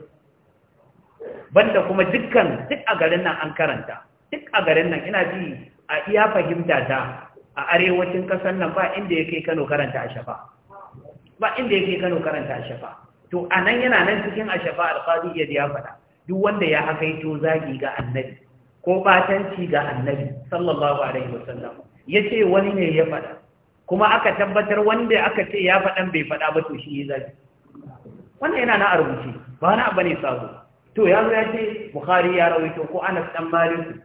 banda kuma dukkan duk a garin nan an karanta duk a garin nan ina ji a iya fahimta ta a arewacin ƙasar nan ba inda ya kai kano karanta a shafa ba inda ya kai kano karanta a shafa to a nan yana nan cikin a shafa alfadu ya ya faɗa duk wanda ya hakaito zagi ga annabi ko batanci ga annabi sallallahu alaihi wasallam ya ce wani ne ya faɗa kuma aka tabbatar wanda aka ce ya faɗan bai faɗa ba to shi yi zafi wannan yana na rubuce ba na abu ne sabo to ya zo ya ce bukhari ya rawaito ko anas dan malik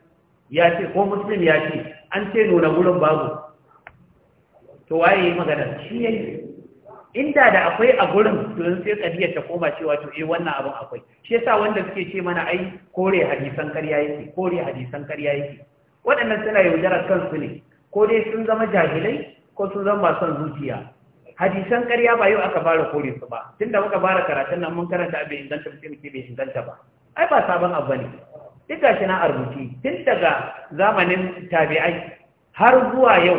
ya ce ko muslim ya ce an ce nuna gurin babu to waye yi magana shi yayi inda da akwai a gurin to sai kadiyar ta koma cewa to eh wannan abin akwai shi yasa wanda suke ce mana ai kore hadisan ƙarya yake kore hadisan ƙarya yake waɗannan suna yaudarar kansu ne ko dai sun zama jahilai ko sun zan ba son zuciya hadisan karya ba yau aka fara kore su ba tun tunda muka fara karatun nan mun karanta abin inganta mutum ke bai inganta ba ai ba sabon abu ne duk gashi na rubuce, tun daga zamanin tabi'ai har zuwa yau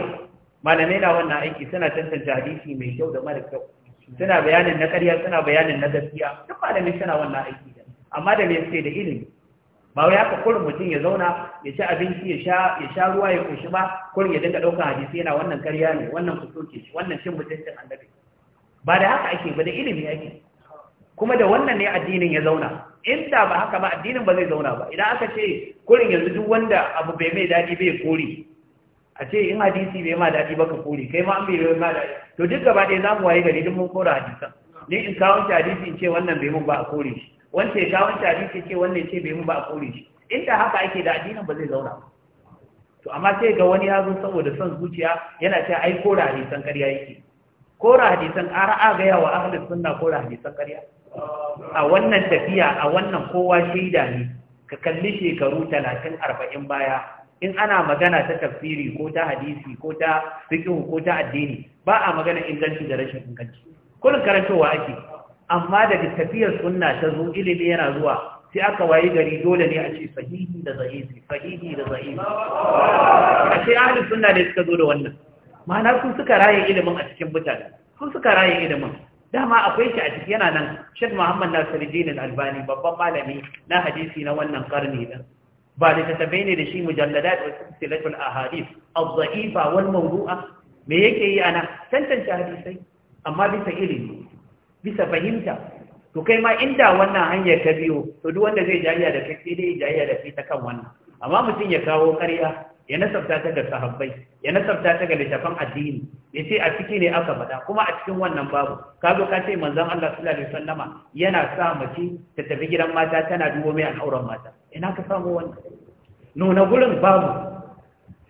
malamai na wannan aiki suna tantance hadisi mai kyau da mara kyau suna bayanin na ƙarya suna bayanin na gaskiya duk malamai suna wannan aiki amma da me suke da ilimi ba wai haka kullum mutum ya zauna ya ci abinci ya sha ya sha ruwa ya kushi ba kullum ya dinga daukar hadisi yana wannan ƙarya ne wannan kusoke shi wannan shin mutuncin annabi ba da haka ake ba da ilimi ake kuma da wannan ne addinin ya zauna in da ba haka ba addinin ba zai zauna ba idan aka ce kurin yanzu duk wanda abu bai mai daɗi bai kori a ce in hadisi bai ma daɗi ba ka kori kai ma an bai bai ma daɗi to duk gaba ɗaya za mu waye gari duk mun kora hadisan ni in kawo shi hadisi in ce wannan bai mun ba a kore shi wanda ya ga wanda hadisi ce wanda ce bai mu ba a kore shi inda haka ake da addinin ba zai zauna to amma sai ga wani ya zo saboda son zuciya yana cewa ai kora hadisan ƙarya yake kora hadisan ƙara a ga yawa ahlus sunna kora hadisan ƙarya a wannan tafiya a wannan kowa shaida ne ka kalli shekaru 30 40 baya in ana magana ta tafsiri ko ta hadisi ko ta fiqh ko ta addini ba a magana inganci da rashin inganci kullun karantowa ake amma daga tafiyar sunna ta zo ilimi yana zuwa sai aka wayi gari dole ne a ce sahihi da za'izi. sahihi da za'izi a ce ahalin sunna ne suka zo da wannan ma'ana sun suka raye ilimin a cikin mutane sun suka raye ilimin dama akwai shi a ciki yana nan shek muhammad na nasiruddin albani babban malami na hadisi na wannan karni din ba da tattabai ne da shi wasu silatul silsilatul ahadith az-za'ifa wal mawdu'a me yake yi ana tantance hadisai amma bisa ilimi bisa fahimta to kai ma inda wannan hanyar ta biyo to duk wanda zai jayya da kai dai jayya da kai ta kan wannan amma mutum ya kawo ƙarya ya nasabta ta ga sahabbai ya nasabta ta ga littafan addini ya ce a ciki ne aka faɗa kuma a cikin wannan babu ka zo ka ce manzon Allah sallallahu alaihi wasallama yana sa mace ta tafi gidan mata tana dubo mai al'auran mata ina ka samu wannan nuna gurin babu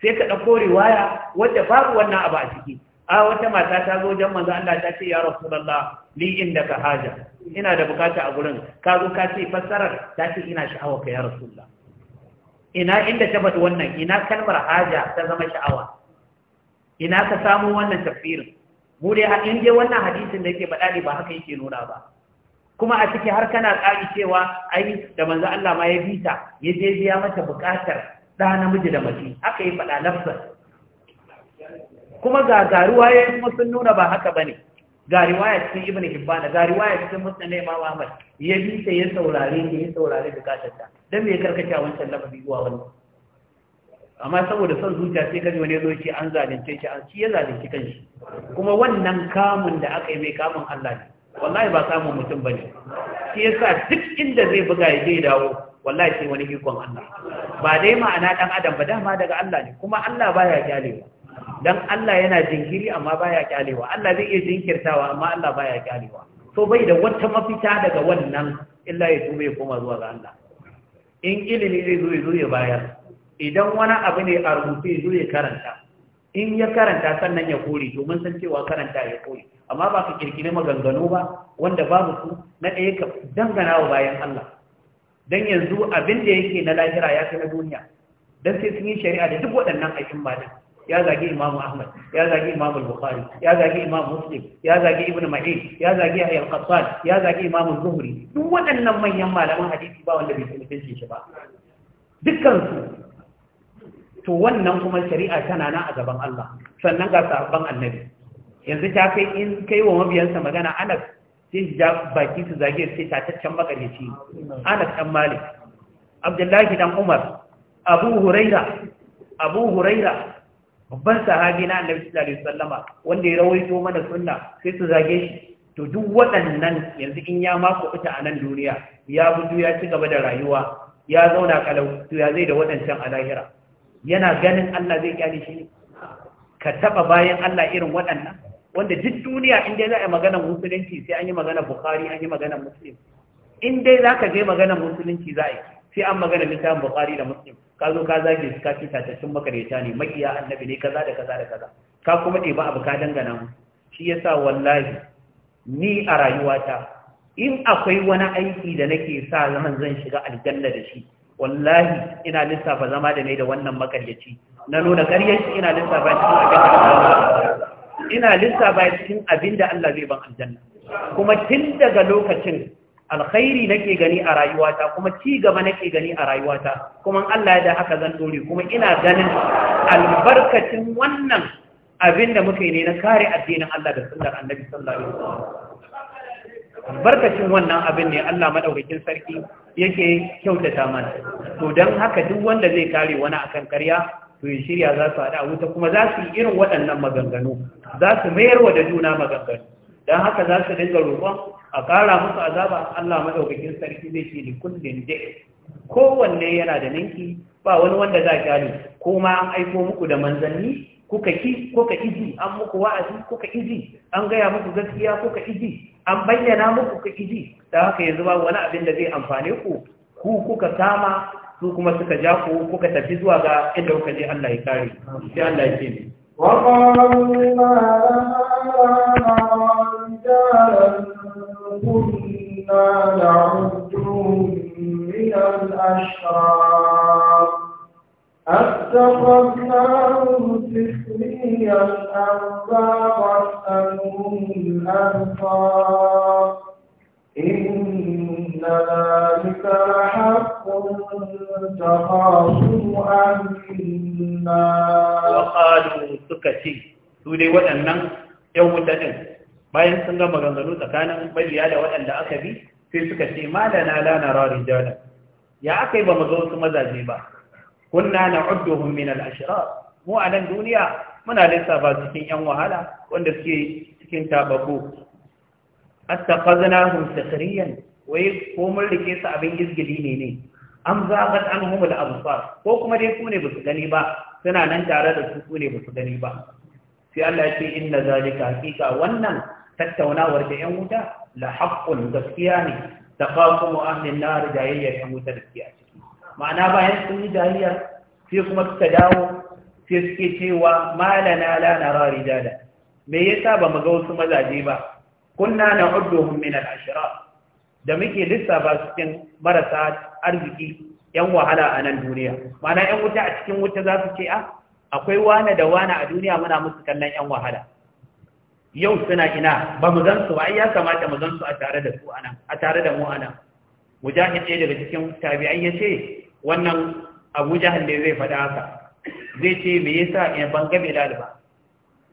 sai ka ɗauko riwaya wadda babu wannan abu a ciki a wata mata ta zo jan manzo Allah ta ce ya rasulullah li indaka haja ina da bukata a gurin ka zo ka ce fassarar ta ce ina sha'awa ka ya rasulullah ina inda ta bada wannan ina kalmar haja ta zama sha'awa ina ka samu wannan tafsirin mu dai in inda wannan hadisin da yake faɗa ne ba haka yake nuna ba kuma a ciki har kana ƙari cewa ai da manzo Allah ma ya bita ya je biya mata bukatar da namiji da mace haka yi faɗa lafsar kuma ga garuwa ya kuma sun nuna ba haka ba ne ga cikin ibn hibban ga cikin musnad imam ahmad ya bi ta ya saurare ne ya saurare da ta dan me ya karkace a wancan lafazi zuwa wani amma saboda son zuciya sai kaji wani yazo ce an zalunce shi an shi ya zalunci kanshi kuma wannan kamun da aka yi mai kamun Allah ne wallahi ba kamun mutum bane shi yasa duk inda zai buga ya je dawo wallahi sai wani ikon Allah ba dai ma'ana dan adam ba dama daga Allah ne kuma Allah baya kyalewa dan Allah yana jinkiri amma baya kyalewa Allah zai iya jinkirtawa amma Allah baya kyalewa to bai da wata mafita daga wannan illa ya tuba ya koma zuwa ga Allah in ilimi zai zo ya bayar idan wani abu ne a rubuce zo ya karanta in ya karanta sannan ya kore to mun san cewa karanta ya kore amma ba ka kirkire maganganu ba wanda babu su na ɗaya ka dangana wa bayan Allah dan yanzu abin da yake na lahira ya kai na duniya dan sai sun yi shari'a da duk waɗannan aikin ba ya zagi imam ahmad ya zagi imam al-bukhari ya zagi imam muslim ya zagi ibn Majid ya zagi ayyul qattan ya zagi imam zuhri duk waɗannan manyan malaman hadisi ba wanda bai san shi ba dukkan su to wannan kuma shari'a tana nan a gaban Allah sannan ga sahabban annabi yanzu ta kai in kai wa mabiyansa magana anas sai ja baki su zagi sai ta tataccen makareci anas dan malik abdullahi dan umar abu huraira abu huraira babban sahabi na annabi sallallahu alaihi wasallama wanda ya rawaito mana sunna sai su zage shi to duk waɗannan yanzu in ya mako fita a nan duniya ya buju ya ci gaba da rayuwa ya zauna kalau to ya zai da waɗancan a lahira yana ganin Allah zai kyale shi ka taba bayan Allah irin waɗannan wanda duk duniya in dai za a yi maganar musulunci sai an yi maganar bukhari an yi maganar muslim in dai za ka je maganar musulunci za a yi sai an magana littafin bukari da muslim ka zo ka zage su ka ce tatattun makareta ne makiya annabi ne kaza da kaza da kaza ka kuma ɗeba abu ka dangana mu shi yasa wallahi ni a rayuwata in akwai wani aiki da nake sa zaman zan shiga aljanna da shi wallahi ina lissafa zama da ne da wannan makaryaci na nuna karyaci ina lissafa cikin ina lissafa cikin abin da Allah zai ban aljanna kuma tun daga lokacin alkhairi nake gani a rayuwata kuma ci gaba nake gani a rayuwata kuma Allah ya da haka zan dore kuma ina ganin albarkacin wannan abin da muka yi ne na kare addinin Allah da sunnar Annabi sallallahu alaihi wasallam albarkacin wannan abin ne Allah madaukakin sarki yake kyautata mana to dan haka duk wanda zai kare wani akan karya to ya shirya za su hada wuta kuma za su yi irin waɗannan maganganu za su mayar wa da juna maganganu dan haka za su dinga roƙon a ƙara musu azaba Allah madaukakin sarki zai ce ni kullum da kowanne yana da ninki ba wani wanda za kyale ko ma an aiko muku da manzanni kuka ki kuka iji an muku wa'azi kuka izi? an gaya muku gaskiya kuka iji an bayyana muku kuka iji da haka yanzu ba wani abin da zai amfane ku ku kuka kama su kuma suka ja ku kuka tafi zuwa ga inda kuka je Allah ya kare sai Allah ya ce ni رجالا كنا نعدهم من الأشرار أتخذناهم سخريا أم زاغت أنهم الأبصار إن ذلك لحق تخاصم أهل النار وقالوا سكتي سولي وأنم يوم تدن bayan sun gama gangano tsakanin mabiya da waɗanda aka bi sai suka ce ma da na lana rarin jada ya aka yi ba mazo wasu mazaje ba kunna na udduhum min al-ashrar mu a nan duniya muna lissafa cikin yan wahala wanda suke cikin tababbu attaqaznahum sakhriyan wai ko mun rike su abin izgili ne ne an zagat anhum al-absar ko kuma dai ku ne basu gani ba suna nan tare da su ku ne basu gani ba sai Allah ya ce inna zalika hakika wannan tattaunawar da ‘yan wuta la haqqun gaskiya ne ta kawo ahlin na jayayyar ‘yan wuta da a ciki ma'ana bayan sun yi jayayya sai kuma suka dawo sai suke cewa malana la na rari me yasa ba mu ga wasu mazaje ba kunna na min al-ashra da muke lissafa cikin marasa arziki ‘yan wahala a nan duniya ma'ana ‘yan wuta a cikin wuta za su ce a ah, akwai wane da wane a duniya muna musu kallon ‘yan wahala yau suna ina ba mu zan su ba ya kamata mu zan su a tare da su anan a tare da mu anan mujahid ne daga cikin tabi'ai yace wannan Abu Jahal ne zai faɗa haka zai ce me yasa in eh, ban ga Bilal ba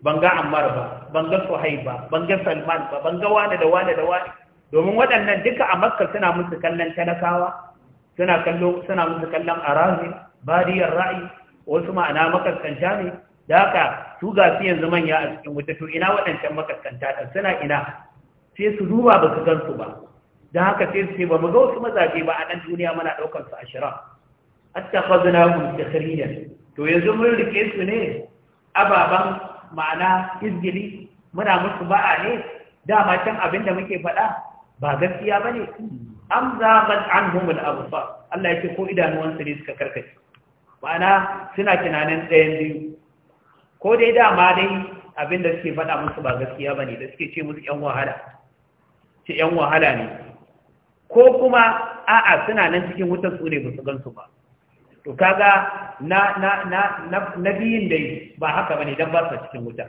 ban ga Ammar ba ban ga Suhaib ba ban ga Salman ba ban ga wani da wani da wani domin waɗannan duka a Makka suna musu kallon talakawa suna kallo suna musu kallon arazi bariyar ra'i wasu ma'ana makaskanta ne da haka su ga su yanzu manya a cikin wuta to ina waɗancan makaskanta ɗan suna ina sai su duba ba su gansu ba da haka sai su ce ba mu ga wasu mazaje ba a nan duniya muna ɗaukar su ashirin attafazna da takhrijan to yanzu mun rike su ne Ababen ma'ana izgili muna musu ba'a ne dama can da muke faɗa ba gaskiya bane am zaqat anhum abu ba. Allah ya ce ko idanuwansu ne suka karkace ma'ana suna tunanin ɗayan biyu ko dai dama dai abin da suke faɗa musu ba gaskiya ba ne da suke ce musu ‘yan wahala ce ‘yan wahala ne ko kuma a'a suna nan cikin wutar su ne musu gansu ba to kaga na na na na biyun dai ba haka bane dan ba su cikin wuta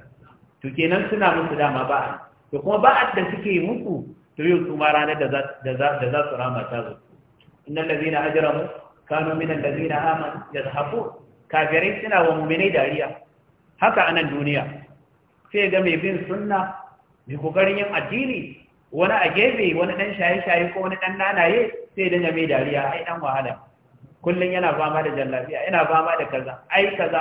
to kenan suna musu dama ba to kuma ba da suke musu to yau su ma ranar da za da za su rama ta zo innal ladina ajramu kanu min alladhina amanu yadhhabu kafirai suna wa mu'minai dariya haka anan duniya sai ga mai bin sunna mai kokarin yin addini wani a gefe wani dan shaye-shaye ko wani dan nanaye sai dinga mai dariya ai dan wahala kullun yana fama da jallabiya yana fama da kaza ai kaza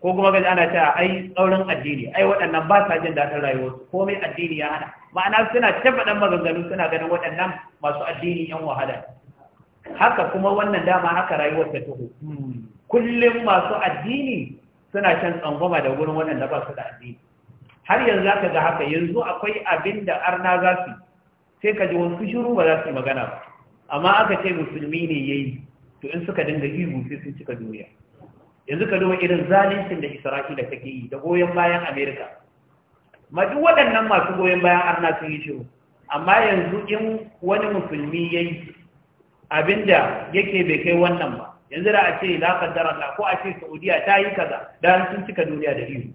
ko kuma gaji ana cewa ai tsaurin addini ai waɗannan ba sa jin daɗin rayuwarsu komai addini ya hana ma'ana suna ta faɗan maganganu suna ganin waɗannan masu addini yan wahala haka kuma wannan dama haka rayuwar ta tuhu kullum masu addini suna can tsangwama da wurin waɗanda ba su da addini har yanzu za ka ga haka yanzu akwai abin da arna za su sai ka ji wasu shiru ba za su yi magana ba amma aka ce musulmi ne ya yi to in suka dinga yi, sai sun cika duniya yanzu ka duba irin zalincin da isra'ila take yi da goyon bayan amerika ma duk waɗannan masu goyon bayan arna sun yi shiru amma yanzu in wani musulmi ya yi da yake bai kai wannan ba yanzu da a ce za kaddara Allah ko a ce Saudiya ta yi kaza da sun cika duniya da biyu.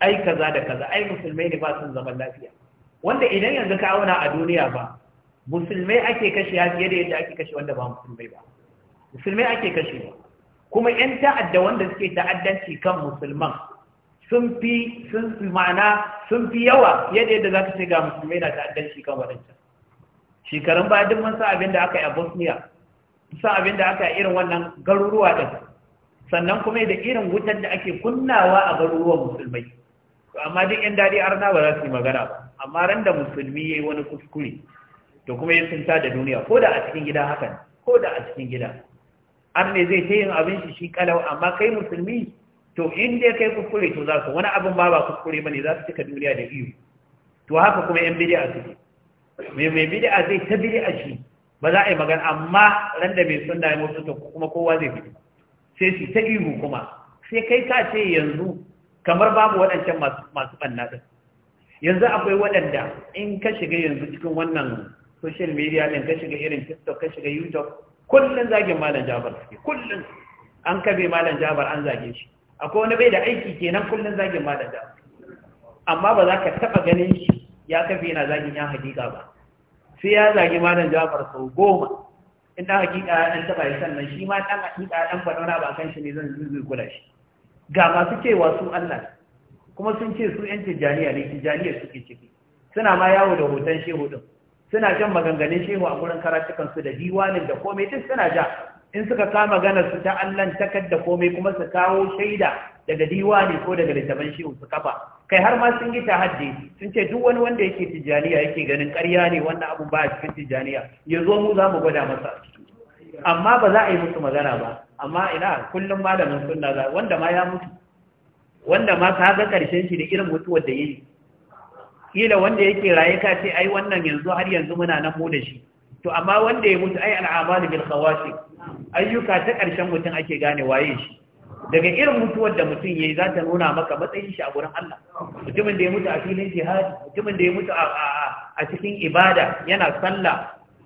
ai kaza da kaza ai musulmai ne ba sun zaman lafiya wanda idan yanzu ka auna a duniya ba musulmai ake kashe ya fiye da yadda ake kashe wanda ba musulmai ba musulmai ake kashe ba kuma yan ta'adda wanda suke ta'addanci kan musulman sun fi sun fi ma'ana sun fi yawa fiye da yadda ka ce ga musulmai na ta'addanci kan wadancan shekarun baya duk mun sa abin da aka yi a Bosnia sa abin da aka irin wannan garuruwa ɗin, sannan kuma da irin wutar da ake kunnawa a garuruwan musulmai to amma duk yan dadi arna ba za su yi magana ba amma ran da musulmi yayi wani kuskure to kuma ya tsinta da duniya ko da a cikin gida hakan ko da a cikin gida arne zai ta yin abin shi shi kalau amma kai musulmi to in dai kai kuskure to za su wani abin ba ba kuskure bane za su cika duniya da iyo to haka kuma yan bid'a su mai me bid'a zai ta bidi'a shi ba za a yi magana amma ran da mai sunna ya mutu kuma kowa zai fito sai shi ta ihu kuma sai kai ka ce yanzu kamar babu waɗancan masu ɓanna ɗin yanzu akwai waɗanda in ka shiga yanzu cikin wannan social media ɗin ka shiga irin tiktok ka shiga youtube kullum zagin malam jabar suke kullum an kabe malam jabar an zage shi akwai wani bai da aiki kenan kullum zagin malam jabar amma ba za ka taɓa ganin shi ya kafe yana zagin yan hakika ba sai ya zagi malam Jafar sau goma in ɗan hakika ɗan taba yi sannan shi ma ɗan hakika ɗan fadona ba kan shi ne zan zuzu kula shi ga masu cewa su Allah kuma sun ce su yan tijjaniya ne tijaniya suke ciki suna ma yawo da hoton shehu ɗin. suna jan maganganun shehu a gurin karatukan su da diwanin da komai duk suna ja in suka kama magana su ta Allah takadda komai kuma su kawo shaida daga diwani ko daga littafin shehu su kafa kai har ma sun yi tahaddi sun ce duk wani wanda yake tijaniya yake ganin ƙarya ne wannan abu ba a cikin tijaniya ya zo mu za mu gwada masa amma ba za a yi musu magana ba amma ina kullum malamin sunna za wanda ma ya mutu wanda ma ka ga karshen shi da irin mutuwar da yayi kila wanda yake raye ka ce ai wannan yanzu har yanzu muna nan mu da shi to amma wanda ya mutu ai al'amalu bil khawasi ayyuka ta ƙarshen mutum ake gane waye shi daga irin mutuwar da mutum ya yi za ta nuna maka matsayin shi a wurin Allah mutumin da ya mutu a filin jihadi mutumin da ya mutu a cikin ibada yana sallah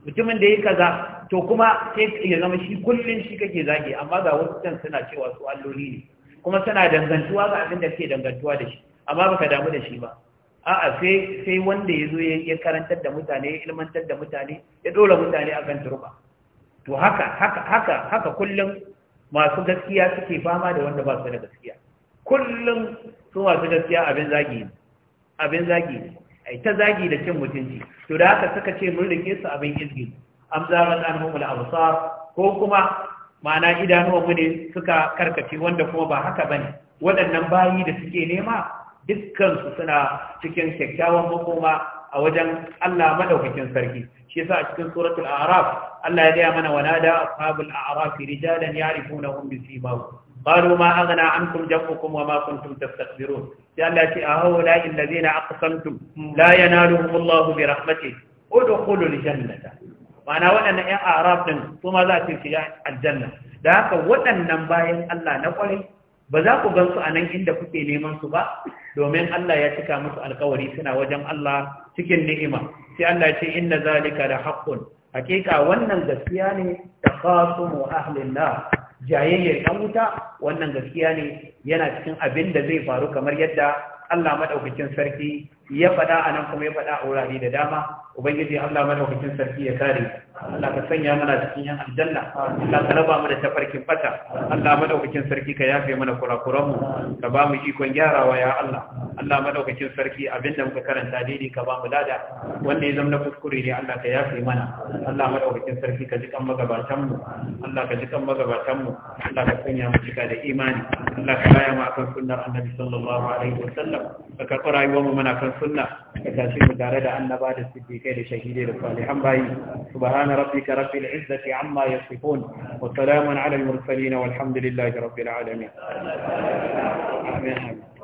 mutumin da ya kaza to kuma sai ya zama shi kullum shi kake zage amma ga wasu can suna cewa su alloli ne kuma suna dangantuwa ga abin da ke dangantuwa da shi amma baka damu da shi ba a'a sai sai wanda ya zo ya karantar da mutane ya ilmantar da mutane ya dora mutane akan turba to haka haka haka haka kullum masu gaskiya suke fama da wanda ba su da gaskiya kullum su masu gaskiya abin zagi ne abin zagi ai ta zagi da cin mutunci to da haka suka ce mun rike su abin izgi am zarat anhum al absar ko kuma mana idanu mu ne suka karkace wanda kuma ba haka bane waɗannan bayi da suke nema dukkan su suna cikin kyakkyawan makoma a wajen Allah madaukakin sarki shi yasa a cikin suratul a'raf Allah ya gaya mana wanada ashabul a'raf rijalan ya'rifunahum bisimahum قالوا ما أغنى عنكم جمعكم وما كنتم تستكبرون جعل هؤلاء الذين أقسمتم لا ينالهم الله برحمته ادخلوا الجنة ma'ana waɗannan 'yan arab ɗin su ma za su shiga aljanna da haka waɗannan bayan Allah na ƙwarai ba za ku gansu a nan inda kuke neman su ba domin Allah ya cika musu alkawari suna wajen Allah cikin ni'ima sai Allah ya ce inna zalika la haqqun hakika wannan gaskiya ne da qasu ahlin nar jayayyar kan wuta wannan gaskiya ne yana cikin abin da zai faru kamar yadda Allah madaukakin sarki ya faɗa a nan kuma ya faɗa a wurare da dama ubangiji Allah madaukakin sarki ya kare Allah ka sanya mana cikin yan aljanna Allah ka raba mu da tafarkin fata Allah madaukakin sarki ka yafe mana kurakuran mu ka ba mu ikon gyarawa ya Allah Allah madaukakin sarki abinda muka karanta daidai ka ba mu lada wanda ya zama kuskure ne Allah ka yafe mana Allah madaukakin sarki ka ji kan magabatan mu Allah ka ji kan magabatan mu Allah ka sanya mu cika da imani Allah ka raya mu akan sunnar annabi sallallahu alaihi wasallam ka karɓi rayuwar mu muna kan sunna ka tashi mu tare da annaba da siddiqai da shahidai da salihan bayi subhana rabbika rabbil izzati amma yasifun wa salamun ala al mursalin walhamdulillahi rabbil alamin amin